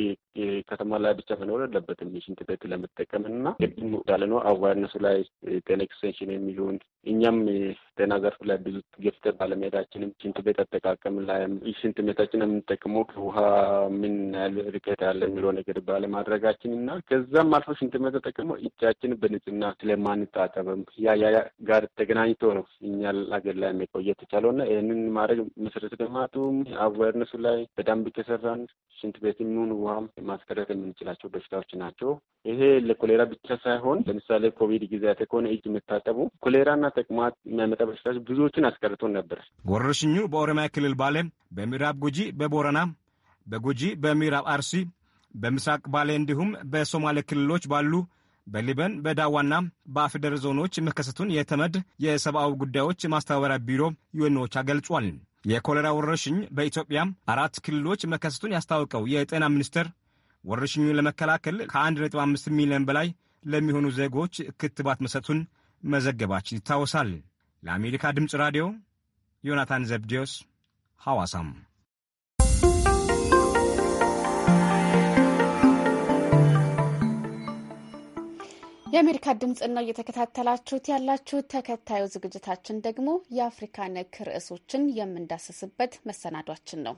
ከተማ ላይ ብቻ መኖር የለበትም። ሽንት ቤት ለመጠቀም እና ቅድም ያለ ነው አዋርነሱ ላይ ጤና ኤክስቴንሽን የሚሆን እኛም ጤና ዘርፍ ላይ ብዙ ገፍተ ባለመሄዳችንም ሽንት ቤት አጠቃቀም ላይ ሽንት ቤታችን የምንጠቅመው ከውሃ ምን ያህል ርቀት ያለ የሚለው ነገር ባለማድረጋችን እና ከዛም አልፎ ሽንት ቤት ተጠቅሞ እጃችን በንጽህና ስለማንታጠብም ያ ያ ጋር ተገናኝቶ ነው እኛ ሀገር ላይ የሚቆየ ተቻለው እና ይህንን ማድረግ መሰረት ልማቱም አዌርነሱ ላይ በደንብ ከሰራን ሽንት ቤት የሚሆን ውሃም ማስቀረት የምንችላቸው በሽታዎች ናቸው። ይሄ ለኮሌራ ብቻ ሳይሆን ለምሳሌ ኮቪድ ጊዜያት ከሆነ እጅ የምታጠቡ ኮሌራና ተቅማጥ የሚያመጣ በሽታዎች ብዙዎችን አስቀርቶን ነበር። ወረርሽኙ በኦሮሚያ ክልል ባሌ፣ በምዕራብ ጉጂ፣ በቦረና፣ በጉጂ፣ በምዕራብ አርሲ፣ በምስራቅ ባሌ እንዲሁም በሶማሌ ክልሎች ባሉ በሊበን በዳዋና በአፍደር ዞኖች መከሰቱን የተመድ የሰብአዊ ጉዳዮች ማስተባበሪያ ቢሮ ዩኤንኦቻ ገልጿል። የኮሌራ ወረርሽኝ በኢትዮጵያ አራት ክልሎች መከሰቱን ያስታወቀው የጤና ሚኒስቴር ወረርሽኙን ለመከላከል ከ1.5 ሚሊዮን በላይ ለሚሆኑ ዜጎች ክትባት መሰጡን መዘገባችን ይታወሳል። ለአሜሪካ ድምፅ ራዲዮ ዮናታን ዘብዴዎስ ሐዋሳም የአሜሪካ ድምፅን ነው እየተከታተላችሁት ያላችሁ። ተከታዩ ዝግጅታችን ደግሞ የአፍሪካ ነክ ርዕሶችን የምንዳስስበት መሰናዷችን ነው።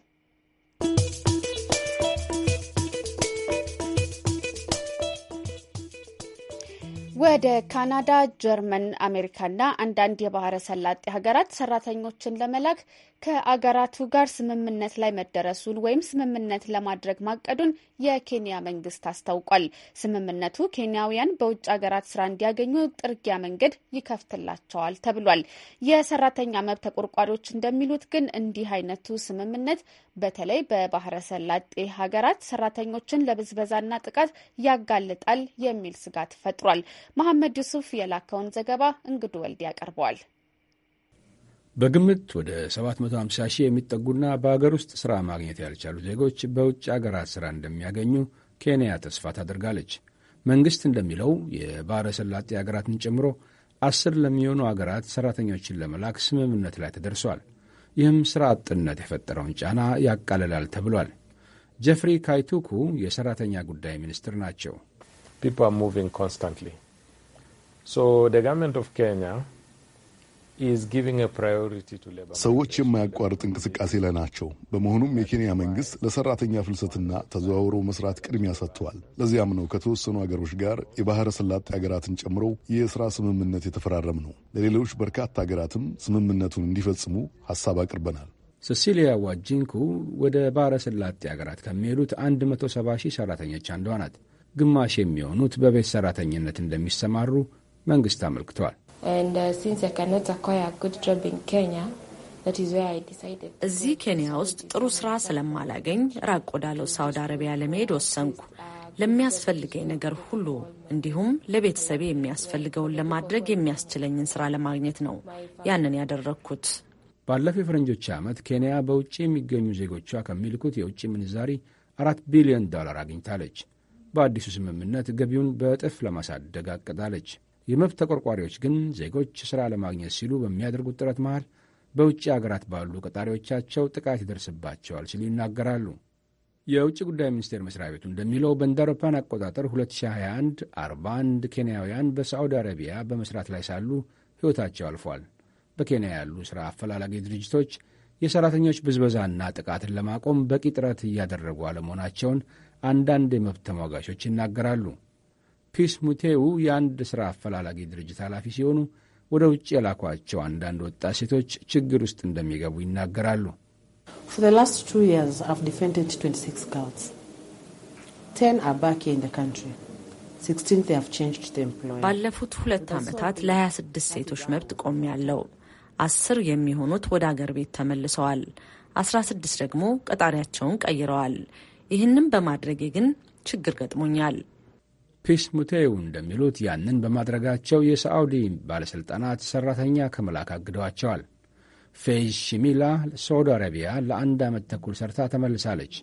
ወደ ካናዳ፣ ጀርመን፣ አሜሪካና አንዳንድ የባህረ ሰላጤ ሀገራት ሰራተኞችን ለመላክ ከአገራቱ ጋር ስምምነት ላይ መደረሱን ወይም ስምምነት ለማድረግ ማቀዱን የኬንያ መንግስት አስታውቋል። ስምምነቱ ኬንያውያን በውጭ ሀገራት ስራ እንዲያገኙ ጥርጊያ መንገድ ይከፍትላቸዋል ተብሏል። የሰራተኛ መብት ተቆርቋሪዎች እንደሚሉት ግን እንዲህ አይነቱ ስምምነት በተለይ በባህረ ሰላጤ ሀገራት ሰራተኞችን ለብዝበዛና ጥቃት ያጋልጣል የሚል ስጋት ፈጥሯል። መሐመድ ዩሱፍ የላከውን ዘገባ እንግዱ ወልድ ያቀርበዋል። በግምት ወደ 750 ሺህ የሚጠጉና በአገር ውስጥ ሥራ ማግኘት ያልቻሉ ዜጎች በውጭ አገራት ሥራ እንደሚያገኙ ኬንያ ተስፋ ታደርጋለች። መንግሥት እንደሚለው የባሕረ ሰላጤ አገራትን ጨምሮ አስር ለሚሆኑ አገራት ሠራተኞችን ለመላክ ስምምነት ላይ ተደርሷል። ይህም ሥራ አጥነት የፈጠረውን ጫና ያቃልላል ተብሏል። ጀፍሪ ካይቱኩ የሠራተኛ ጉዳይ ሚኒስትር ናቸው። ሰዎች የማያቋርጥ እንቅስቃሴ ላይ ናቸው። በመሆኑም የኬንያ መንግስት ለሰራተኛ ፍልሰትና ተዘዋውሮ መስራት ቅድሚያ ሰጥተዋል። ለዚያም ነው ከተወሰኑ ሀገሮች ጋር የባህረ ሰላጤ ሀገራትን ጨምሮ የስራ ስምምነት የተፈራረም ነው። ለሌሎች በርካታ ሀገራትም ስምምነቱን እንዲፈጽሙ ሀሳብ አቅርበናል። ሴሲሊያ ዋጂንኩ ወደ ባህረ ሰላጤ ሀገራት ከሚሄዱት 170 ሺህ ሰራተኞች አንዷ ናት። ግማሽ የሚሆኑት በቤት ሰራተኝነት እንደሚሰማሩ መንግስት አመልክቷል። እዚህ ኬንያ ውስጥ ጥሩ ስራ ስለማላገኝ ራቅ ወዳለው ሳውዲ አረቢያ ለመሄድ ወሰንኩ። uh, ለሚያስፈልገኝ ነገር ሁሉ እንዲሁም ለቤተሰቤ የሚያስፈልገውን ለማድረግ የሚያስችለኝን ስራ ለማግኘት ነው ያንን ያደረግኩት። ባለፈው የፈረንጆች ዓመት ኬንያ በውጭ የሚገኙ ዜጎቿ ከሚልኩት የውጭ ምንዛሪ አራት ቢሊዮን ዶላር አግኝታለች። በአዲሱ ስምምነት ገቢውን በእጥፍ ለማሳደግ አቅዳለች። የመብት ተቆርቋሪዎች ግን ዜጎች ሥራ ለማግኘት ሲሉ በሚያደርጉት ጥረት መሃል በውጭ አገራት ባሉ ቀጣሪዎቻቸው ጥቃት ይደርስባቸዋል ሲሉ ይናገራሉ። የውጭ ጉዳይ ሚኒስቴር መስሪያ ቤቱ እንደሚለው በእንደ አውሮፓን አቆጣጠር 2021 41 ኬንያውያን በሳዑዲ አረቢያ በመስራት ላይ ሳሉ ሕይወታቸው አልፏል። በኬንያ ያሉ ሥራ አፈላላጊ ድርጅቶች የሠራተኞች ብዝበዛና ጥቃትን ለማቆም በቂ ጥረት እያደረጉ አለመሆናቸውን አንዳንድ የመብት ተሟጋቾች ይናገራሉ። ፒስ ሙቴው የአንድ ሥራ አፈላላጊ ድርጅት ኃላፊ ሲሆኑ ወደ ውጭ የላኳቸው አንዳንድ ወጣት ሴቶች ችግር ውስጥ እንደሚገቡ ይናገራሉ። ባለፉት ሁለት ዓመታት ለ26 ሴቶች መብት ያለው አስር የሚሆኑት ወደ አገር ቤት ተመልሰዋል። 16 ደግሞ ቀጣሪያቸውን ቀይረዋል። ይህንም በማድረጌ ግን ችግር ገጥሞኛል። ፒስ ሙቴው እንደሚሉት ያንን በማድረጋቸው የሳዑዲ ባለሥልጣናት ሠራተኛ ከመላክ አግደዋቸዋል። ፌዥ ሺሚላ ሳዑዲ አረቢያ ለአንድ ዓመት ተኩል ሰርታ ተመልሳለች።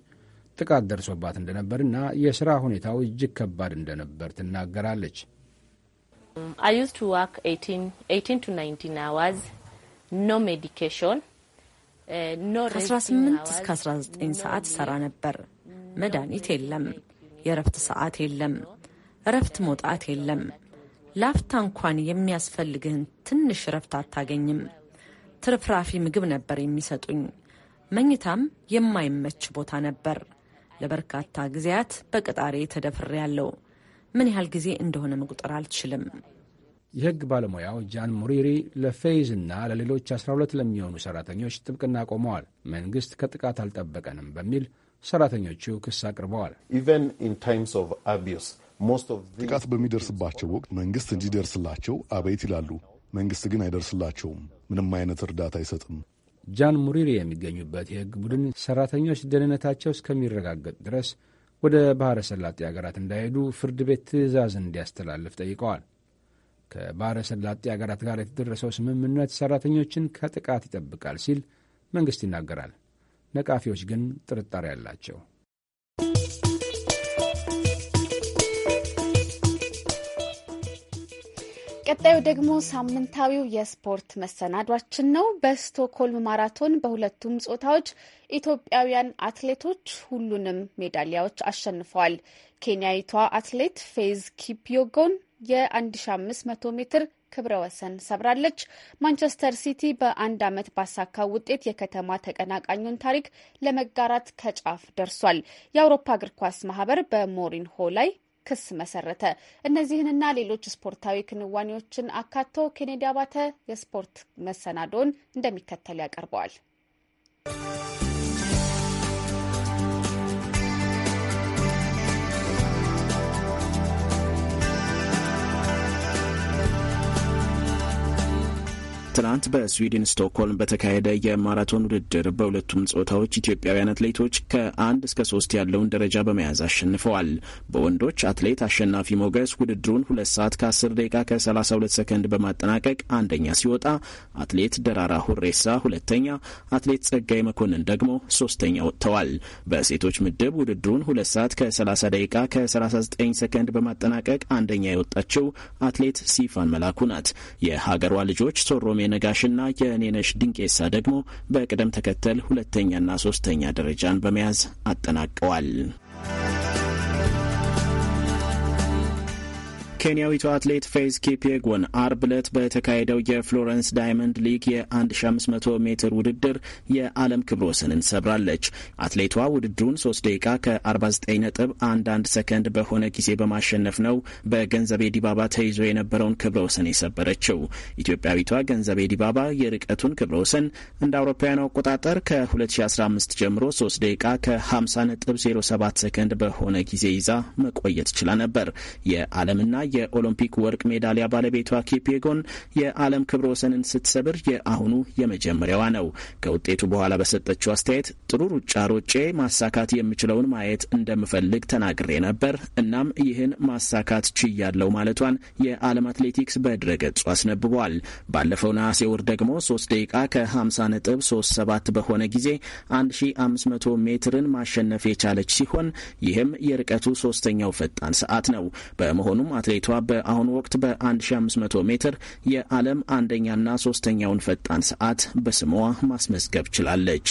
ጥቃት ደርሶባት እንደነበርና የሥራ ሁኔታው እጅግ ከባድ እንደነበር ትናገራለች uh, ከአስራ ከ18 እስከ 19 ሰዓት ሰራ ነበር። መድኃኒት የለም፣ የእረፍት ሰዓት የለም። እረፍት መውጣት የለም። ላፍታ እንኳን የሚያስፈልግህን ትንሽ እረፍት አታገኝም። ትርፍራፊ ምግብ ነበር የሚሰጡኝ። መኝታም የማይመች ቦታ ነበር። ለበርካታ ጊዜያት በቅጣሬ ያለው። ምን ያህል ጊዜ እንደሆነ መቁጠር አልችልም። የሕግ ባለሙያው ጃን ሙሪሪ ለፌይዝ እና ለሌሎች 12 ለሚሆኑ ሠራተኞች ጥብቅና ቆመዋል። መንግሥት ከጥቃት አልጠበቀንም በሚል ሠራተኞቹ ክስ አቅርበዋል። ኢቨን ኢን ታይምስ ኦፍ አቢዩስ ጥቃት በሚደርስባቸው ወቅት መንግስት እንዲደርስላቸው አቤት ይላሉ። መንግስት ግን አይደርስላቸውም፣ ምንም አይነት እርዳታ አይሰጥም። ጃን ሙሪሪ የሚገኙበት የህግ ቡድን ሰራተኞች ደህንነታቸው እስከሚረጋገጥ ድረስ ወደ ባሕረ ሰላጤ አገራት እንዳይሄዱ ፍርድ ቤት ትዕዛዝ እንዲያስተላልፍ ጠይቀዋል። ከባሕረ ሰላጤ አገራት ጋር የተደረሰው ስምምነት ሰራተኞችን ከጥቃት ይጠብቃል ሲል መንግሥት ይናገራል። ነቃፊዎች ግን ጥርጣሬ አላቸው። ቀጣዩ ደግሞ ሳምንታዊው የስፖርት መሰናዷችን ነው። በስቶኮልም ማራቶን በሁለቱም ጾታዎች ኢትዮጵያውያን አትሌቶች ሁሉንም ሜዳሊያዎች አሸንፈዋል። ኬንያዊቷ አትሌት ፌዝ ኪፕዮጎን የ1500 ሜትር ክብረ ወሰን ሰብራለች። ማንቸስተር ሲቲ በአንድ ዓመት ባሳካው ውጤት የከተማ ተቀናቃኙን ታሪክ ለመጋራት ከጫፍ ደርሷል። የአውሮፓ እግር ኳስ ማህበር በሞሪንሆ ላይ ክስ መሰረተ። እነዚህንና ሌሎች ስፖርታዊ ክንዋኔዎችን አካቶ ኬኔዲ አባተ የስፖርት መሰናዶን እንደሚከተል ያቀርበዋል። ትናንት በስዊድን ስቶክሆልም በተካሄደ የማራቶን ውድድር በሁለቱም ጾታዎች ኢትዮጵያውያን አትሌቶች ከአንድ እስከ ሶስት ያለውን ደረጃ በመያዝ አሸንፈዋል። በወንዶች አትሌት አሸናፊ ሞገስ ውድድሩን ሁለት ሰዓት ከ10 ደቂቃ ከ32 ሰከንድ በማጠናቀቅ አንደኛ ሲወጣ፣ አትሌት ደራራ ሁሬሳ ሁለተኛ፣ አትሌት ጸጋይ መኮንን ደግሞ ሶስተኛ ወጥተዋል። በሴቶች ምድብ ውድድሩን ሁለት ሰዓት ከ30 ደቂቃ ከ39 ሰከንድ በማጠናቀቅ አንደኛ የወጣችው አትሌት ሲፋን መላኩ ናት። የሀገሯ ልጆች ሶሮሜ ነጋሽና የእኔነሽ ድንቄሳ ደግሞ በቅደም ተከተል ሁለተኛና ሶስተኛ ደረጃን በመያዝ አጠናቀዋል። ኬንያዊቷ አትሌት ፌዝ ኪፒጎን አርብ ዕለት በተካሄደው የፍሎረንስ ዳይመንድ ሊግ የ1500 ሜትር ውድድር የዓለም ክብረ ወሰንን ሰብራለች። አትሌቷ ውድድሩን 3 ደቂቃ ከ49 ነጥብ 11 ሰከንድ በሆነ ጊዜ በማሸነፍ ነው በገንዘቤ ዲባባ ተይዞ የነበረውን ክብረ ወሰን የሰበረችው። ኢትዮጵያዊቷ ገንዘቤ ዲባባ የርቀቱን ክብረ ወሰን እንደ አውሮፓውያኑ አቆጣጠር ከ2015 ጀምሮ 3 ደቂቃ ከ50 ነጥብ 07 ሰከንድ በሆነ ጊዜ ይዛ መቆየት ችላ ነበር። የዓለምና የኦሎምፒክ ወርቅ ሜዳሊያ ባለቤቷ ኪፒጎን የዓለም ክብረ ወሰንን ስትሰብር የአሁኑ የመጀመሪያዋ ነው። ከውጤቱ በኋላ በሰጠችው አስተያየት ጥሩ ሩጫ ሮጬ ማሳካት የምችለውን ማየት እንደምፈልግ ተናግሬ ነበር። እናም ይህን ማሳካት ችያለው ማለቷን የዓለም አትሌቲክስ በድረገጹ አስነብቧል። ባለፈው ነሐሴ ወር ደግሞ 3 ደቂቃ ከ50 ነጥብ 37 በሆነ ጊዜ 1500 ሜትርን ማሸነፍ የቻለች ሲሆን ይህም የርቀቱ ሶስተኛው ፈጣን ሰዓት ነው። በመሆኑም አትሌ አትሌቷ በአሁኑ ወቅት በ1500 ሜትር የዓለም አንደኛና ሶስተኛውን ፈጣን ሰዓት በስሟ ማስመዝገብ ችላለች።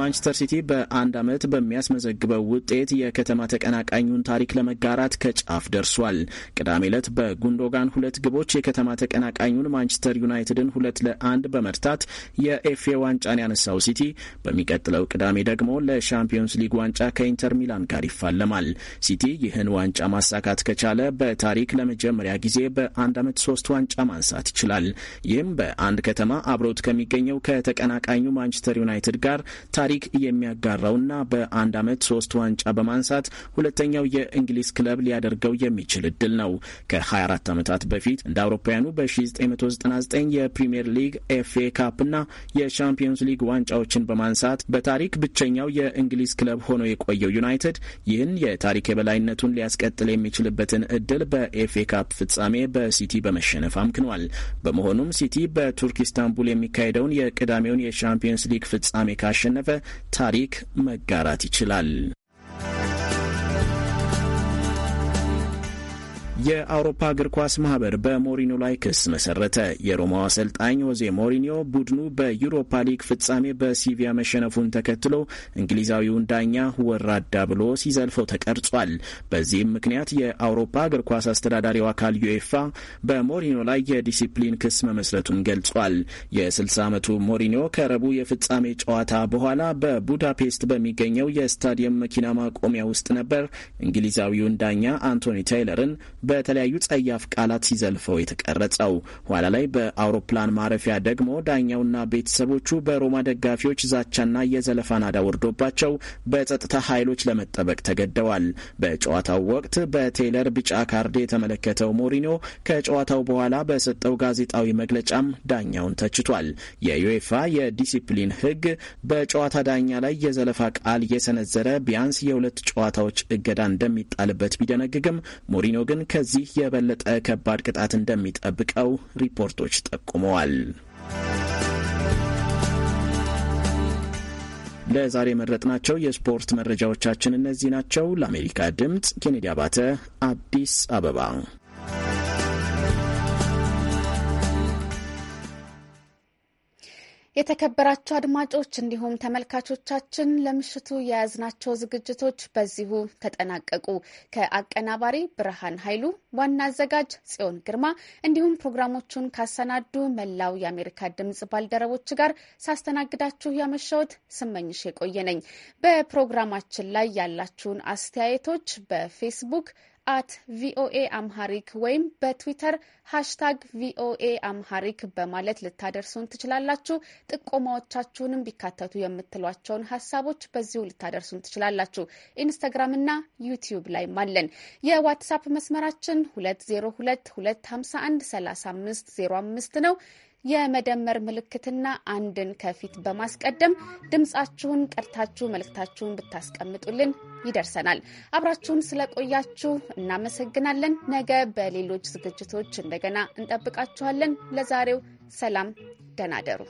ማንቸስተር ሲቲ በአንድ ዓመት በሚያስመዘግበው ውጤት የከተማ ተቀናቃኙን ታሪክ ለመጋራት ከጫፍ ደርሷል። ቅዳሜ ዕለት በጉንዶጋን ሁለት ግቦች የከተማ ተቀናቃኙን ማንቸስተር ዩናይትድን ሁለት ለአንድ በመርታት የኤፍኤ ዋንጫን ያነሳው ሲቲ በሚቀጥለው ቅዳሜ ደግሞ ለሻምፒዮንስ ሊግ ዋንጫ ከኢንተር ሚላን ጋር ይፋለማል። ሲቲ ይህን ዋንጫ ማሳካት ከቻለ በታሪክ ለመጀመሪያ ጊዜ በአንድ ዓመት ሶስት ዋንጫ ማንሳት ይችላል። ይህም በአንድ ከተማ አብሮት ከሚገኘው ከተቀናቃኙ ማንቸስተር ዩናይትድ ጋር ታሪክ የሚያጋራውና በአንድ ዓመት ሶስት ዋንጫ በማንሳት ሁለተኛው የእንግሊዝ ክለብ ሊያደርገው የሚችል እድል ነው። ከ24 ዓመታት በፊት እንደ አውሮፓውያኑ በ1999 የፕሪምየር ሊግ ኤፍኤ ካፕና የሻምፒዮንስ ሊግ ዋንጫዎችን በማንሳት በታሪክ ብቸኛው የእንግሊዝ ክለብ ሆኖ የቆየው ዩናይትድ ይህን የታሪክ የበላይነቱን ሊያስቀጥል የሚችልበትን እድል በኤፍኤ ካፕ ፍጻሜ በሲቲ በመሸነፍ አምክኗል። በመሆኑም ሲቲ በቱርክ ኢስታንቡል የሚካሄደውን የቅዳሜውን የሻምፒዮንስ ሊግ ፍጻሜ ካሸነፈ ታሪክ መጋራት ይችላል። የአውሮፓ እግር ኳስ ማህበር በሞሪኒዮ ላይ ክስ መሰረተ። የሮማው አሰልጣኝ ሆዜ ሞሪኒዮ ቡድኑ በዩሮፓ ሊግ ፍጻሜ በሲቪያ መሸነፉን ተከትሎ እንግሊዛዊውን ዳኛ ወራዳ ብሎ ሲዘልፈው ተቀርጿል። በዚህም ምክንያት የአውሮፓ እግር ኳስ አስተዳዳሪው አካል ዩኤፋ በሞሪኒዮ ላይ የዲሲፕሊን ክስ መመስረቱን ገልጿል። የ60 ዓመቱ ሞሪኒዮ ከረቡ የፍጻሜ ጨዋታ በኋላ በቡዳፔስት በሚገኘው የስታዲየም መኪና ማቆሚያ ውስጥ ነበር እንግሊዛዊውን ዳኛ አንቶኒ ታይለርን በተለያዩ ጸያፍ ቃላት ሲዘልፈው የተቀረጸው። ኋላ ላይ በአውሮፕላን ማረፊያ ደግሞ ዳኛውና ቤተሰቦቹ በሮማ ደጋፊዎች ዛቻና የዘለፋ ናዳ ወርዶባቸው በጸጥታ ኃይሎች ለመጠበቅ ተገደዋል። በጨዋታው ወቅት በቴይለር ቢጫ ካርድ የተመለከተው ሞሪኒዮ ከጨዋታው በኋላ በሰጠው ጋዜጣዊ መግለጫም ዳኛውን ተችቷል። የዩኤፋ የዲሲፕሊን ሕግ በጨዋታ ዳኛ ላይ የዘለፋ ቃል የሰነዘረ ቢያንስ የሁለት ጨዋታዎች እገዳ እንደሚጣልበት ቢደነግግም ሞሪኒዮ ግን ከ ከዚህ የበለጠ ከባድ ቅጣት እንደሚጠብቀው ሪፖርቶች ጠቁመዋል። ለዛሬ የመረጥናቸው የስፖርት መረጃዎቻችን እነዚህ ናቸው። ለአሜሪካ ድምፅ ኬኔዲ አባተ፣ አዲስ አበባ የተከበራቸው አድማጮች እንዲሁም ተመልካቾቻችን ለምሽቱ የያዝናቸው ዝግጅቶች በዚሁ ተጠናቀቁ። ከአቀናባሪ ብርሃን ኃይሉ፣ ዋና አዘጋጅ ጽዮን ግርማ እንዲሁም ፕሮግራሞቹን ካሰናዱ መላው የአሜሪካ ድምጽ ባልደረቦች ጋር ሳስተናግዳችሁ ያመሻወት ስመኝሽ የቆየ ነኝ። በፕሮግራማችን ላይ ያላችሁን አስተያየቶች በፌስቡክ አት ቪኦኤ አምሃሪክ ወይም በትዊተር ሃሽታግ ቪኦኤ አምሃሪክ በማለት ልታደርሱን ትችላላችሁ። ጥቆማዎቻችሁንም ቢካተቱ የምትሏቸውን ሀሳቦች በዚሁ ልታደርሱን ትችላላችሁ። ና ዩቲዩብ ላይ አለን። የዋትሳፕ መስመራችን 2022513505 ነው። የመደመር ምልክትና አንድን ከፊት በማስቀደም ድምጻችሁን ቀድታችሁ መልእክታችሁን ብታስቀምጡልን ይደርሰናል። አብራችሁን ስለቆያችሁ እናመሰግናለን። ነገ በሌሎች ዝግጅቶች እንደገና እንጠብቃችኋለን። ለዛሬው ሰላም፣ ደህና ደሩ።